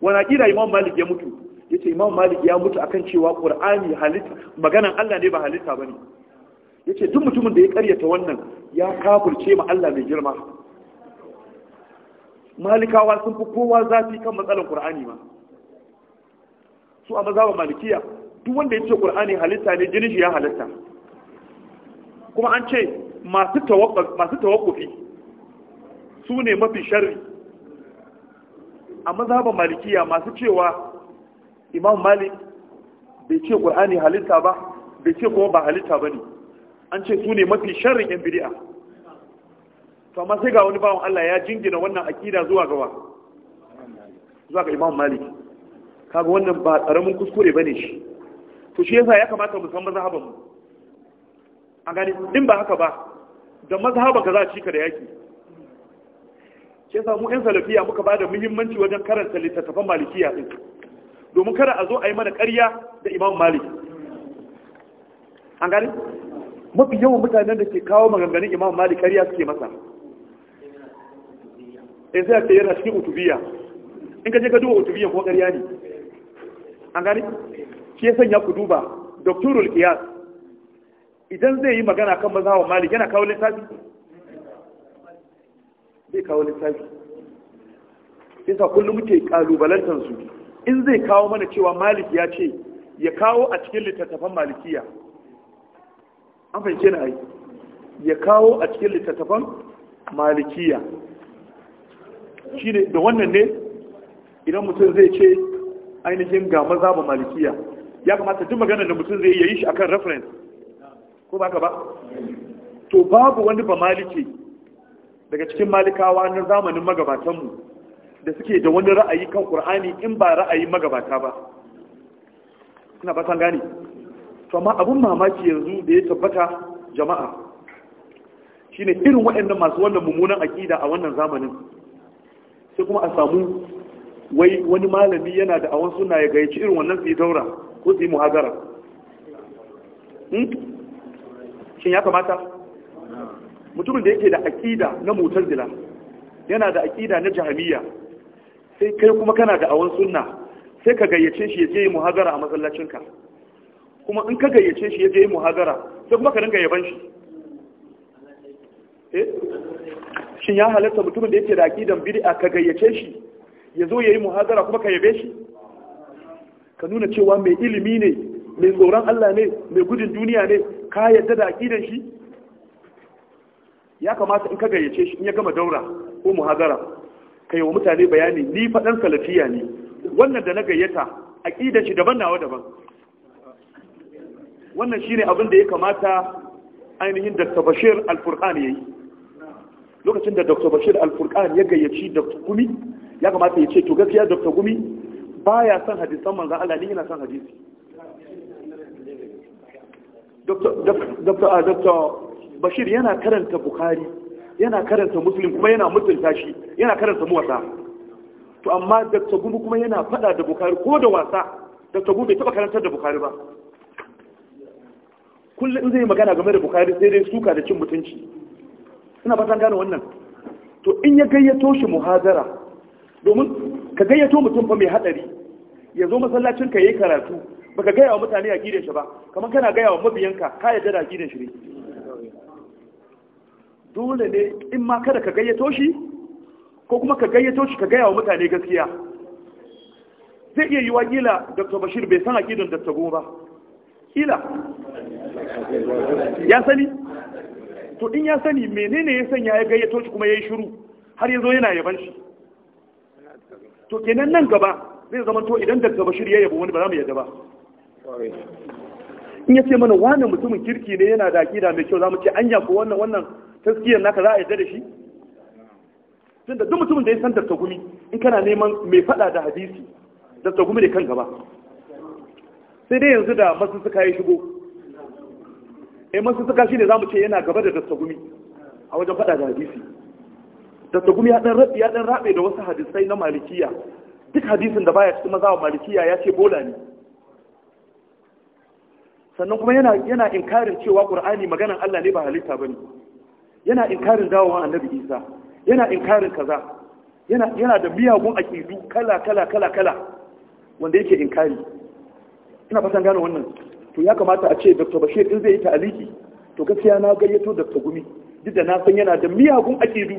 wani aqida Imam Malik ya mutu yace Imam Malik ya mutu akan cewa Qur'ani halitta maganan Allah ne ba halitta bane yace duk mutumin da ya karyata wannan ya kafirce ma Allah mai girma malikawa sun fi kowa zafi kan matsalar ƙur'ani ma su a mazaba malikiya duk wanda ce qur'ani halitta ne jini shi ya halitta kuma an ce masu tawakkuf masu su ne mafi sharri a mazaba malikiya masu cewa imam malik bai ce qur'ani halitta ba bai ce kuma ba halitta bane an ce su ne mafi sharrin yan bid'a to amma sai ga wani bawan Allah ya jingina wannan akida zuwa gawa zuwa ga Imam Malik kaga wannan ba karamin kuskure bane shi to shi yasa ya kamata mu san mazhaban mu a gani din ba haka ba da mazhaban ka za a cika da yaki shi yasa mu yan salafiya muka ba da muhimmanci wajen karanta littattafan malikiya din domin kada a zo a yi mana ƙarya da Imam Malik an gani mafi yawan mutanen da ke kawo maganganun imam malik kariya suke masa in eh, sai ake yana cikin utubiya in ka je ka duba utubiyan ko kariya ne an gani shi ya sanya ku duba doktorul qiyas idan zai yi magana kan wa malik yana kawo littafi zai kawo littafi yasa kullum muke kalubalantar su in zai kawo mana cewa malik ya ce ya kawo a cikin littattafan malikiya an fahimce na yi ya kawo a cikin littattafan malikiya ne da wannan ne idan mutum zai ce ainihin ga maza ba malikiya ya kamata duk maganar da mutum zai yi shi akan reference ko ba ka ba to babu wani ba maliki daga cikin malikawa na zamanin magabatanmu da suke da wani ra'ayi kan ƙur'ani in ba ra'ayi magabata ba ina ba san gane to amma abin mamaki yanzu da ya tabbata jama'a shine irin waɗannan masu wannan mummunan aƙida a wannan zamanin sai kuma a samu wai wani malami yana da awon suna ya gayyaci irin wannan su yi daura ko su yi muhagara. Hmm? shin ya kamata mutumin da yake da aƙida na motar dila yana da aƙida na jahamiya sai kai kuma kana da awon suna sai ka gayyace shi ya je yi muhagara a matsalacinka kuma in ka gayyace shi ya je muhadara sai kuma ka dinga yaban shi eh shin ya halatta mutumin da yake da aqidan bid'a ka gayyace shi ya zo yayi muhadara kuma ka yabe shi ka nuna cewa mai ilimi ne mai tsoron Allah ne mai gudun duniya ne ka yadda da aqidan shi ya kamata in ka gayyace shi in ya gama daura ko muhadara ka yi wa mutane bayani ni faɗan salafiya ne wannan da na gayyata aqidan shi daban nawa daban wannan shi ne abin da ya kamata ainihin dr bashir al alfurkan ya yi lokacin da dr bashir al alfurkan ya gayyaci dr gumi ya kamata ya ce to gaskiya dr gumi ba ya son hadisan manzan allah ne yana son hadisi dr ah, bashir yana karanta bukari yana karanta muslim kuma yana mutunta shi yana karanta muwasa to amma dr gumi kuma yana fada da bukari ko da wasa dr gumi bai taba karantar da bukari ba kullum in zai magana game da bukari sai dai suka da cin mutunci ina fatan gane wannan to in ya gayyato shi muhazara, domin ka gayyato mutum fa mai hadari ya zo masallacin ka yayi karatu baka gaya wa mutane a gidan shi ba kamar kana gaya wa mabiyanka ka yarda da gidan shi ne dole ne in ma kada ka gayyato shi ko kuma ka gayyato shi ka gaya wa mutane gaskiya zai iya yi wa kila dr bashir bai san akidan dr goma ba kila ya sani to in ya sani menene ya sanya ya gayyato shi kuma ya yi shiru har ya zo yana yaban shi to kenan nan gaba zai zama to idan da gaba shirya yabo wani ba za mu yadda ba in ya ce mana wannan mutumin kirki ne yana da akida mai kyau za mu ce an yafo wannan wannan taskiyar naka za a yadda da shi tunda da duk mutumin da ya san dattagumi in kana neman mai faɗa da hadisi dattagumi da kan gaba sai dai yanzu da masu suka yi shigo eh masu suka shi ne za mu ce yana gaba da dattagumi a wajen faɗa da hadisi dattagumi ya ɗan raɓe da wasu hadisai na malikiya duk hadisin da baya cikin mazawa malikiya ya ce bola ne sannan kuma yana yana inkarin cewa qur'ani maganan Allah ne ba halitta bane yana inkarin dawowa annabi Isa yana inkarin kaza yana yana da miyagun akidu kala kala kala kala wanda yake inkari ina fatan gane wannan to ya kamata a ce dr bashir in zai yi ta'aliki to gaskiya na gayyato dr gumi duk da na san yana da miyagun akidu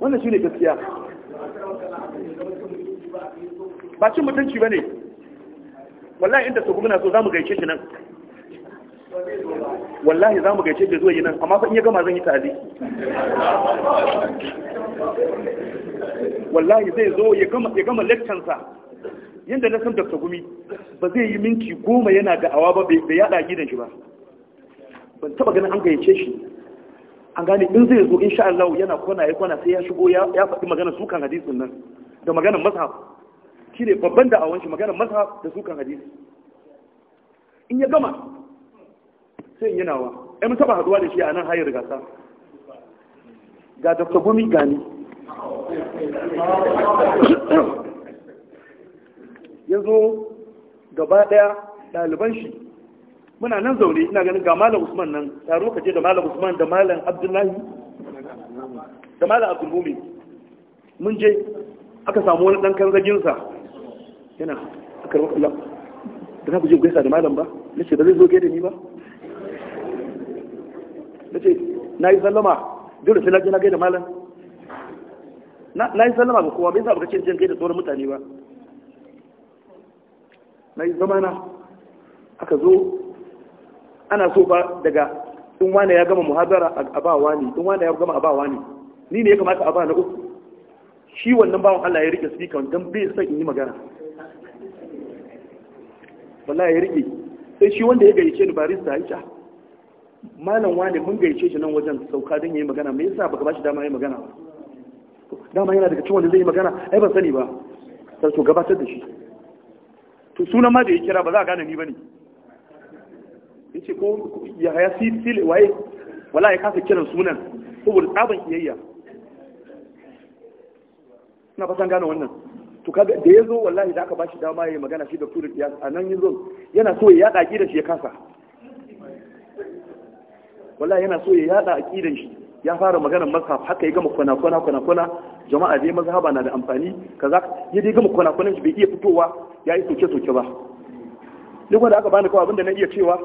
wannan shi ne gaskiya ba cin mutunci ba ne wallahi inda su na so za mu gaishe shi nan wallahi za mu gaishe da zuwa yi nan amma fa in ya gama zan yi ta'aliki wallahi zai zo ya gama lekcansa yadda na san dr gumi ba zai yi minti goma yana da awa ba bai yada gidan shi ba ban taba ganin an gayyace shi an gane in zai zo insha Allah yana kwana ya kwana sai ya shigo ya faɗi magana sukan hadisin nan da maganar mazhab shi ne babban da awon shi maganar mazhab da sukan hadisi in ya gama sai yana wa ai eh, mun taba haduwa da shi a nan hayar gasa ga dr gumi gani ya zo gaba daya ɗaliban shi muna nan zaune ina ganin ga malam usman nan taro ka je da malam usman da malam abdullahi da malam abdulmumi mun je aka samu wani ɗan sa yana aka rawa Allah da na kuje gaisa da malam ba na ce da zai zo da ni ba na ce na yi sallama dole sai na je na gaida malam na yi sallama ga kowa bai sa baka jin gaida sauran mutane ba na yi zamana aka zo ana so ba daga in wane ya gama muhazara a bawa ne in wane ya gama a ba ne ni ne ya kamata a ba na uku shi wannan bawan Allah ya rike speaker don bai son in yi magana wallahi ya rike sai shi wanda ya gayyace ni barista Aisha ah, malam wane mun gayyace shi nan wajen sauka don yayi magana me yasa baka bashi dama yayi magana ba dama yana daga cikin wanda zai yi magana ai ban sani ba sai to gabatar da shi to sunan ma da ya kira ba za a gane ni ba ne ya ce ko ya haya sile waye wala ya kasa kiran sunan Ko wani tsaban kiyayya na fasan gane wannan to kaga da ya zo wallahi da aka ba shi dama ya magana shi da turin kiyas a nan zo yana so ya yada da shi ya kasa wallahi yana so ya yada aqidan shi ya fara magana mazhab haka ya gama kwana kwana kwana kwana jama'a dai mazhaba na da amfani kaza ya dai gama kwana kwana bai iya fitowa ya yi soke soke ba duk wanda aka bani kawai abinda na iya cewa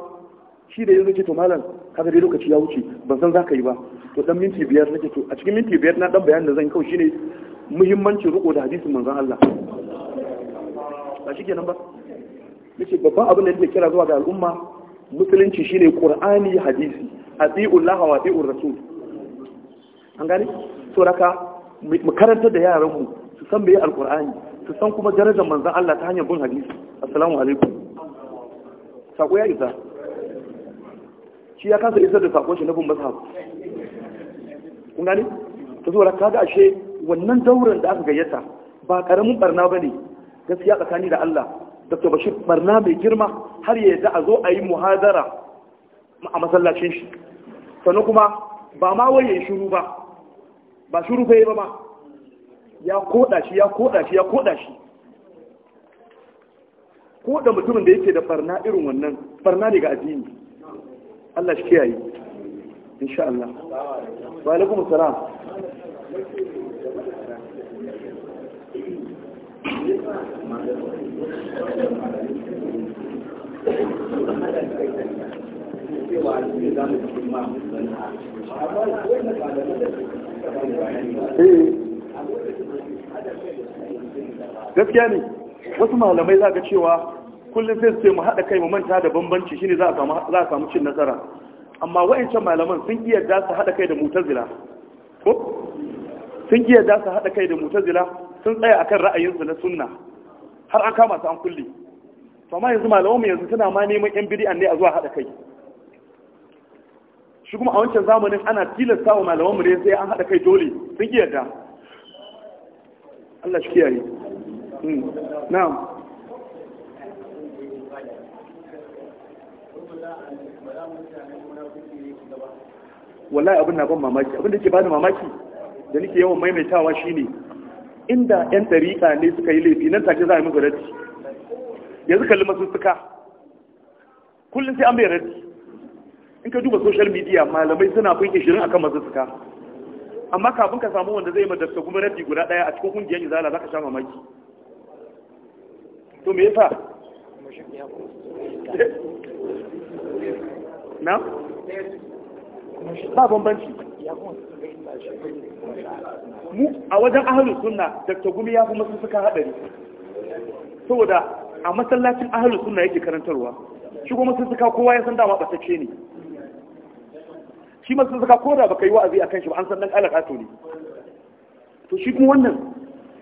shi da yanzu ke to malam kaga dai lokaci ya wuce ban san za ka yi ba to dan minti biyar nake to a cikin minti biyar na dan bayanin da zan kawai shine muhimmancin riko da hadisin manzon Allah ba shi kenan ba yace babban abin da yake kira zuwa ga al'umma musulunci shine qur'ani hadisi ati'ullaha wa ati'ur rasul an gane so raka mu karanta da yaranmu su san bai alkur'ani su san kuma darajar manzan Allah ta hanyar bin hadisi assalamu alaikum sako ya isa shi ya kasa isar da sako shi na bin masa kun gane ta saboda kaga ashe wannan dauran da aka gayyata ba karamin barna bane gaskiya tsakani da Allah Dr. Bashir barna mai girma har ya yadda a zo a yi muhadara a masallacin shi sannan kuma ba ma waye shiru ba ba shuru fa ba ma ya koda shi ya koda shi ya koda shi ko da mutumin da yake da farna irin wannan farna ne ga addini Allah shi kiyaye insha Allah wa alaikum salam Thank you. gaskiya ne wasu malamai za ka cewa kullum sai ce mu haɗa kai mu manta da bambanci shine za a samu cin nasara amma wa'ancan malaman sun iya da su haɗa kai da mutazila ko sun iya da su haɗa kai da mutazila sun tsaya akan ra'ayinsu na sunna har an kama su an kulle to amma yanzu malaman yanzu tana ma neman yan bid'a ne a zuwa haɗa kai shi kuma a wancan zamanin ana tilasta wa malaman mu ne sai an haɗa kai dole sun yarda Allah shi kiyaye hmm. na'am wallahi abin na ban mamaki abin da ke bani mamaki da nake yawan maimaitawa shine inda yan dariƙa ne suka yi laifi nan take za a yi musu raddi yanzu kalli masu suka kullum sai an bai raddi in ka duba social media malamai suna kun ishirin akan masu suka amma kafin ka samu wanda zai madarta kuma raddi guda daya a cikin kungiyar izala za ka sha mamaki to me yasa na ba bambanci mu a wajen ahalus suna dr gumi ya fi masu suka haɗari saboda a masallacin ahalus suna yake karantarwa shi kuma masu suka kowa ya san dama ɓatacce ne shi masu zaka ko da baka yi wa'azi a kan shi ba an san dan alaka to ne to shi kuma wannan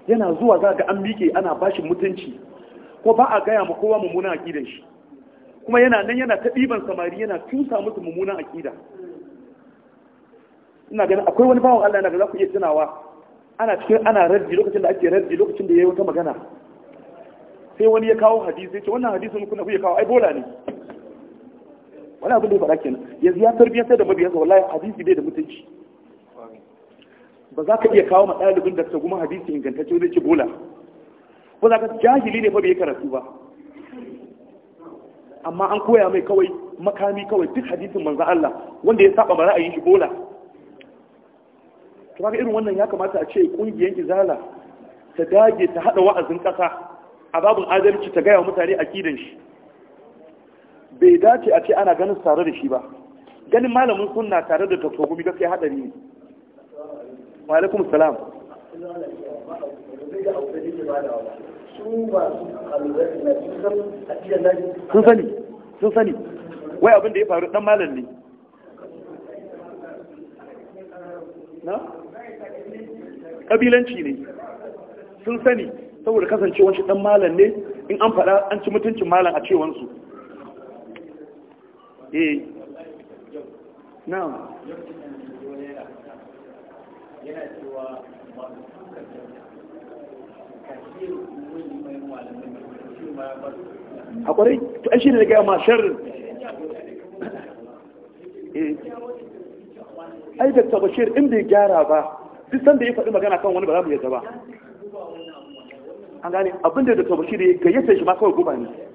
yana zuwa za ga an miƙe ana bashi mutunci ko ba a gaya ma kowa mummunan aƙidan shi kuma yana nan yana ta diban samari yana tusa musu mummunan aƙida ina ganin akwai wani bawan Allah yana ga za ku iya tunawa ana cikin ana raddi lokacin da ake raddi lokacin da yayi wata magana sai wani ya kawo hadisi sai ce wannan hadisin kuna ku ya kawo ai bola ne wani abin da ya faɗa kenan yanzu ya tarbiyyantar da mabiyansa wallahi hadisi bai da mutunci ba za ka iya kawo ma ɗalibin da guma hadisi ingantacce zai ce bola ba za ka jahili ne fa bai karatu ba amma an koya mai kawai makami kawai duk hadisin manzan Allah wanda ya saba mara ayi shi bola kuma irin wannan ya kamata a ce kungiyar izala ta dage ta hada wa'azin kasa a babin adalci ta gaya wa mutane akidan shi bai dace a ce ana ganin tare da shi ba ganin malamin sunna tare da dr gumi gaskiya hadari ne wa salam sun sani sun sani wai abin da ya faru dan malam ne na ne sun sani saboda kasancewar shi dan malam ne in an faɗa an ci mutuncin malam a cewansu eh a kwarai to an shi ne gaya ma sharrin eh. ai da tabashir in bai gyara ba duk sanda ya faɗi magana kan wani ba za mu yadda ba an gane abinda da tabashir ya gayyata shi ma kawai guba ne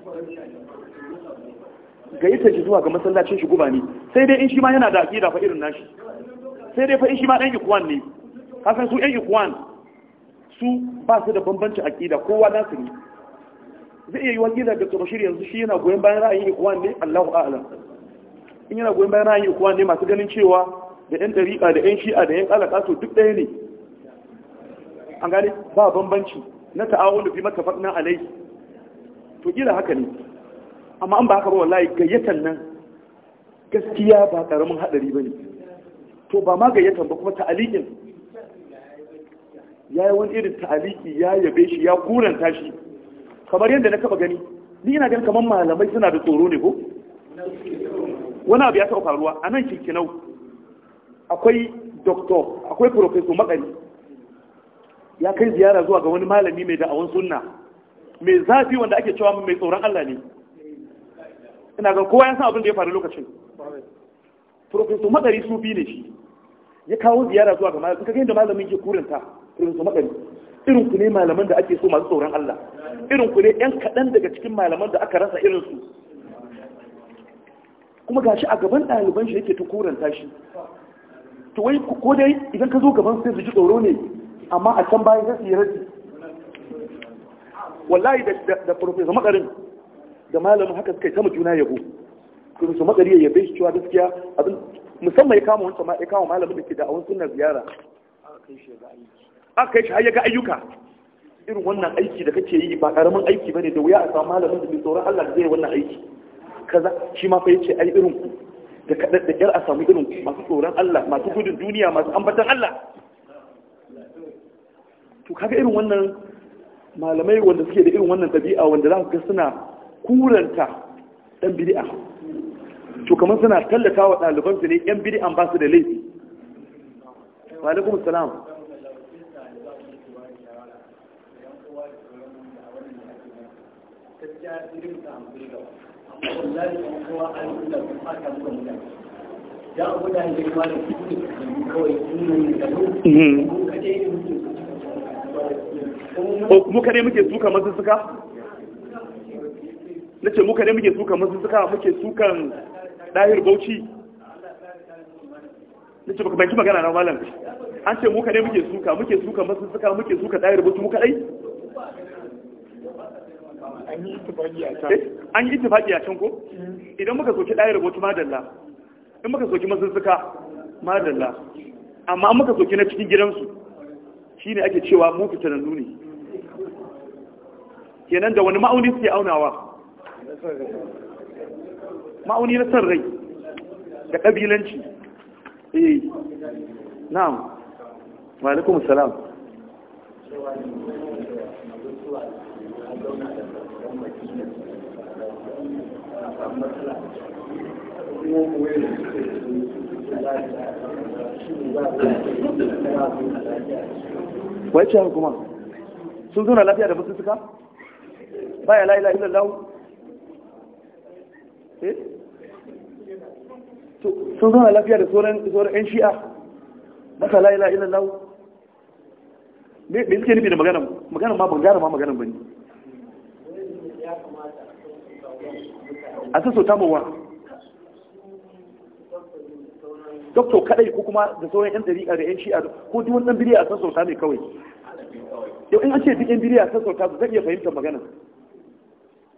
gayyata shi zuwa ga masallacin shi guba ne sai dai in shi ma yana da aƙida fa irin nashi sai dai fa in shi ma ɗan ikwan ne kasan su ɗan ikwan su ba su da bambanci aƙida, kowa na su ne zai iya yi wakila da tabashir yanzu shi yana goyon bayan ra'ayin ikwan ne Allahu a'lam in yana goyon bayan ra'ayin ikwan ne masu ganin cewa da yan ɗariƙa da yan shi'a da yan ƙalaƙa to duk ɗaya ne an gane ba bambanci na ta'awun da fi mata faɗin alai to gila haka ne amma an ba haka ba wallahi gayyatan nan gaskiya ba karamin hadari bane to ba ma gayyatan ba kuma ta'aliqin yi wani irin ta'aliki ya yabe shi ya kuranta shi kamar yadda na taba gani ni ina gan kamar malamai suna da tsoro ne ko wani abu ya taɓa faruwa a nan kirkinau akwai doktor akwai profeso makari ya kai ziyara zuwa ga wani malami mai da'awan sunna mai zafi wanda ake cewa mai tsoron Allah ne ina ga kowa ya san abin da ya faru lokacin profesor madari sufi ne shi ya kawo ziyara zuwa ga malamin kaga yadda malamin ke kurinta profesor madari irin ku ne malaman da ake so masu tsoron Allah irin ku ne yan kaɗan daga cikin malaman da aka rasa irin su kuma gashi a gaban ɗaliban shi yake ta kuranta shi to wai ko dai idan ka zo gaban sai su ji tsoro ne amma a can bayan sai su yi rabi wallahi da profesor madarin da malamin haka suka yi sama juna yabo kuma su matsari ya bai shi cewa gaskiya abin musamman ya kama wancan ya kama malamin da ke da awon sunnar ziyara aka kai shi ya ga ayyuka irin wannan aiki da kake yi ba karamin aiki bane da wuya a samu malamin da mai tsoron Allah zai wannan aiki kaza shi ma fa yace ai irin ku da kada da kyar a samu irin masu tsoron Allah masu gudun duniya masu ambatan Allah to kaga irin wannan malamai wanda suke da irin wannan tabi'a wanda za ku ga suna kuranta ɗan bidi'a to kamar suna tallata wa ɗalibansu ne ‘yan bidi'an ba su da laifi wa'alaikun salam mm-hmm. oh, muka ne muke suka masu suka? na ce muka ne muke sukan masu suka muke sukan ɗahir bauchi na ce baka banki magana na malam an ce muka ne muke suka muke suka masu suka muke suka ɗahir bauchi muka ɗai an yi itifaki eh, a can ko idan muka soki ɗahir bauchi madalla in muka soki masu suka madalla amma an muka soki na cikin gidansu shine ake cewa mu fitanannu ne kenan da wani ma'auni suke aunawa ma'auni na san rai da ƙabilanci eh na'am malikun alaikum salam wai ce kuma sun zuna lafiya da suka baya la'ila ilallahu Eh? sun zana lafiya da tsoron yan shi'a masa la ila ila lau me suke nufi da maganan maganan ma ban ma maganan bane a sassa ta mawa doktor kadai ko kuma da sauran yan dariƙa da yan shi'a ko duk wannan biriya a sassauta ne kawai yau in an ce duk yan biriya a sassauta zai iya fahimtar magana.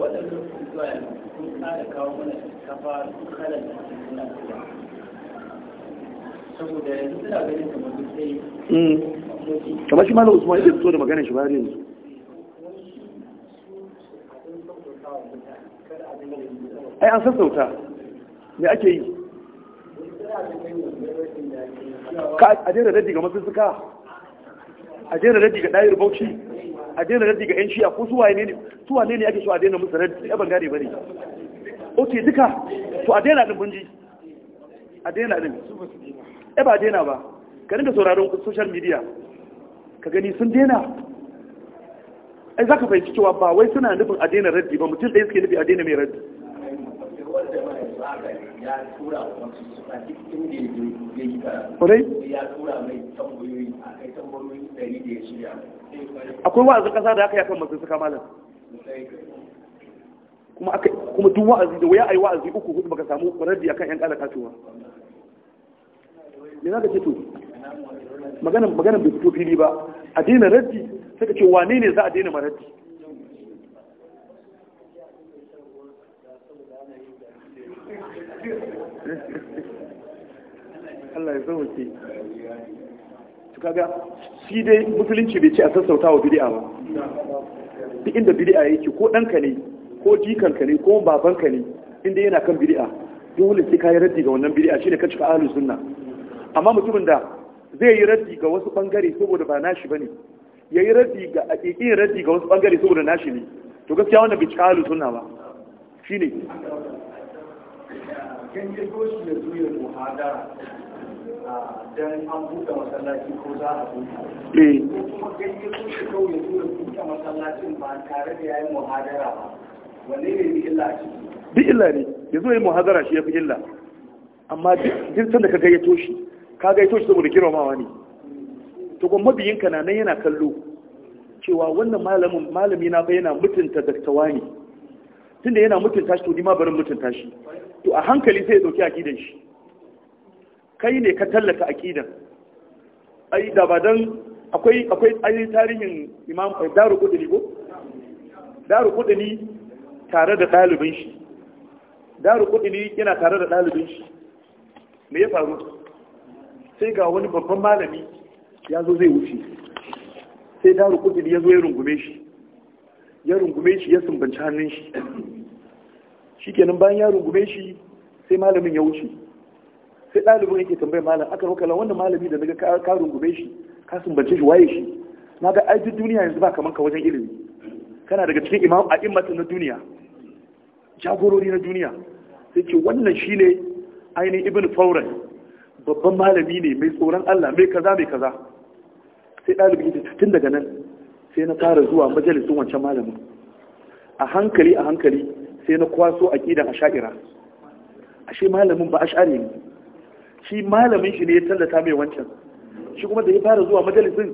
waɗanda su zuwa yanzu sun ƙara kawo mana kafa kalan da su suna zuwa saboda yanzu suna ganin kamar duk sai hmm. kamar shi malam usman yake fito da maganar shi bayan yanzu ai an sassauta me ake yi ka a jera daji ga masu suka a jera daji ga ɗayar bauchi a daina raddi ga 'yan shiya ko su waye ne su wane ne ake so a daina musu raddi ya ban gane ba ne ok duka to a daina din bunji a daina din eh ba daina ba ka dinga sauraron social media ka gani sun daina ai za ka fahimci cewa ba wai suna nufin a daina raddi ba mutum ɗaya suke nufi a daina mai raddi ya tura wa wasu suka duk da ya je ya yi karatu ya tura mai tambayoyi a kai tambayoyi dari da ya shirya akwai wa'azin kasa da aka yi akan masu suka malam kuma aka kuma duk wa'azi da waya ayi wa'azi uku hudu baka samu raddi akan yan kala kasuwa me zaka ce to magana magana bai fito fili ba a daina raddi sai ka ce wane ne za a daina maraddi Allah ya sauke Tuka ga, shi dai musulunci bai ce a sassauta wa bidi'a ba duk inda bidi'a yake ko ɗanka ne ko jikanka ne ko babanka ne inda yana kan bidi'a. dole sai ka yi raddi ga wannan shi ne ka cika ahlus sunna amma mutumin da zai yi raddi ga wasu bangare saboda ba nashi ba ne, ya yi raddi ga aƙiƙin raddi ga wasu bangare saboda nashi ne to gaskiya wannan bai cika ahlus sunna ba shi ne. yi toshi da zuwa muhadara don an buɗe masallaci ko za a buɗe eh. ko kuma gangado shi kawai ya zuwa buɗe masallacin ba tare da yayin muhadara ba Wani ne bi illa a bi illa ne ya zuwa yi muhadara shi ya fi illa amma duk sanda ka gaya toshi, ka gaya toshi saboda girmamawa ne to kuma mabiyinka na nan yana kallo cewa wannan malamin malami na fa yana mutunta daktawa ne tunda yana mutunta shi to ni ma barin mutunta shi to a hankali sai ya dauki akidan shi kai ne ka tallata akidan ai da ba dan akwai akwai ai tarihin imam eh, daru kudini ko daru kudini tare da dalibin shi daru kudini yana tare da dalibin shi me ya faru sai ga wani babban malami ya zo zai wuce sai daru kudini ya zo ya rungume shi ya rungume shi ya sumbanci hannun shi shi kenan bayan ya rungume shi sai malamin ya wuce sai ɗalibin yake tambayar malam aka lan wannan malami da daga ka rungume shi ka sumbance shi waye shi na ga ai duniya yanzu ba kamar ka wajen ilimi kana daga cikin imam a immatan na duniya jagorori na duniya sai ce wannan shine ainihin ibn fauran babban malami ne mai tsoron Allah mai kaza mai kaza sai ɗalibin yake tun daga nan sai na fara zuwa majalisun wancan malamin a hankali a hankali sai na kwaso a sha'ira a ashe malamin ba ash'ari ne shi malamin shi ne ya tallata mai wancan shi kuma da ya fara zuwa majalisun,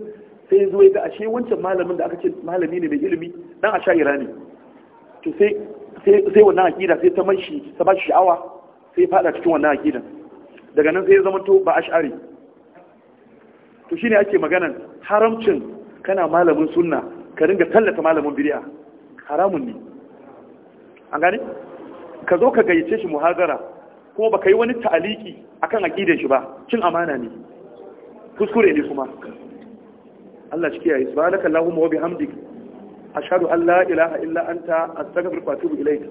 sai ya zo ya ga ashe wancan malamin da aka ce malami ne mai ilimi dan sha'ira ne to sai sai wannan aqida sai ta mai shi ta ba shi sha'awa sai ya fada cikin wannan aqidan daga nan sai ya zama to ba ash'ari to shine ake maganan haramcin kana malamin sunna ka ringa tallata malamin bid'a haramun ne an gane ka zo ka gayyace shi muhazara kuma baka yi wani ta'aliki akan aqidar shi ba cin amana ne kuskure ne kuma Allah shi kiyaye subhanakallahumma wa bihamdik ashhadu an la ilaha illa anta astaghfiruka wa atubu ilayk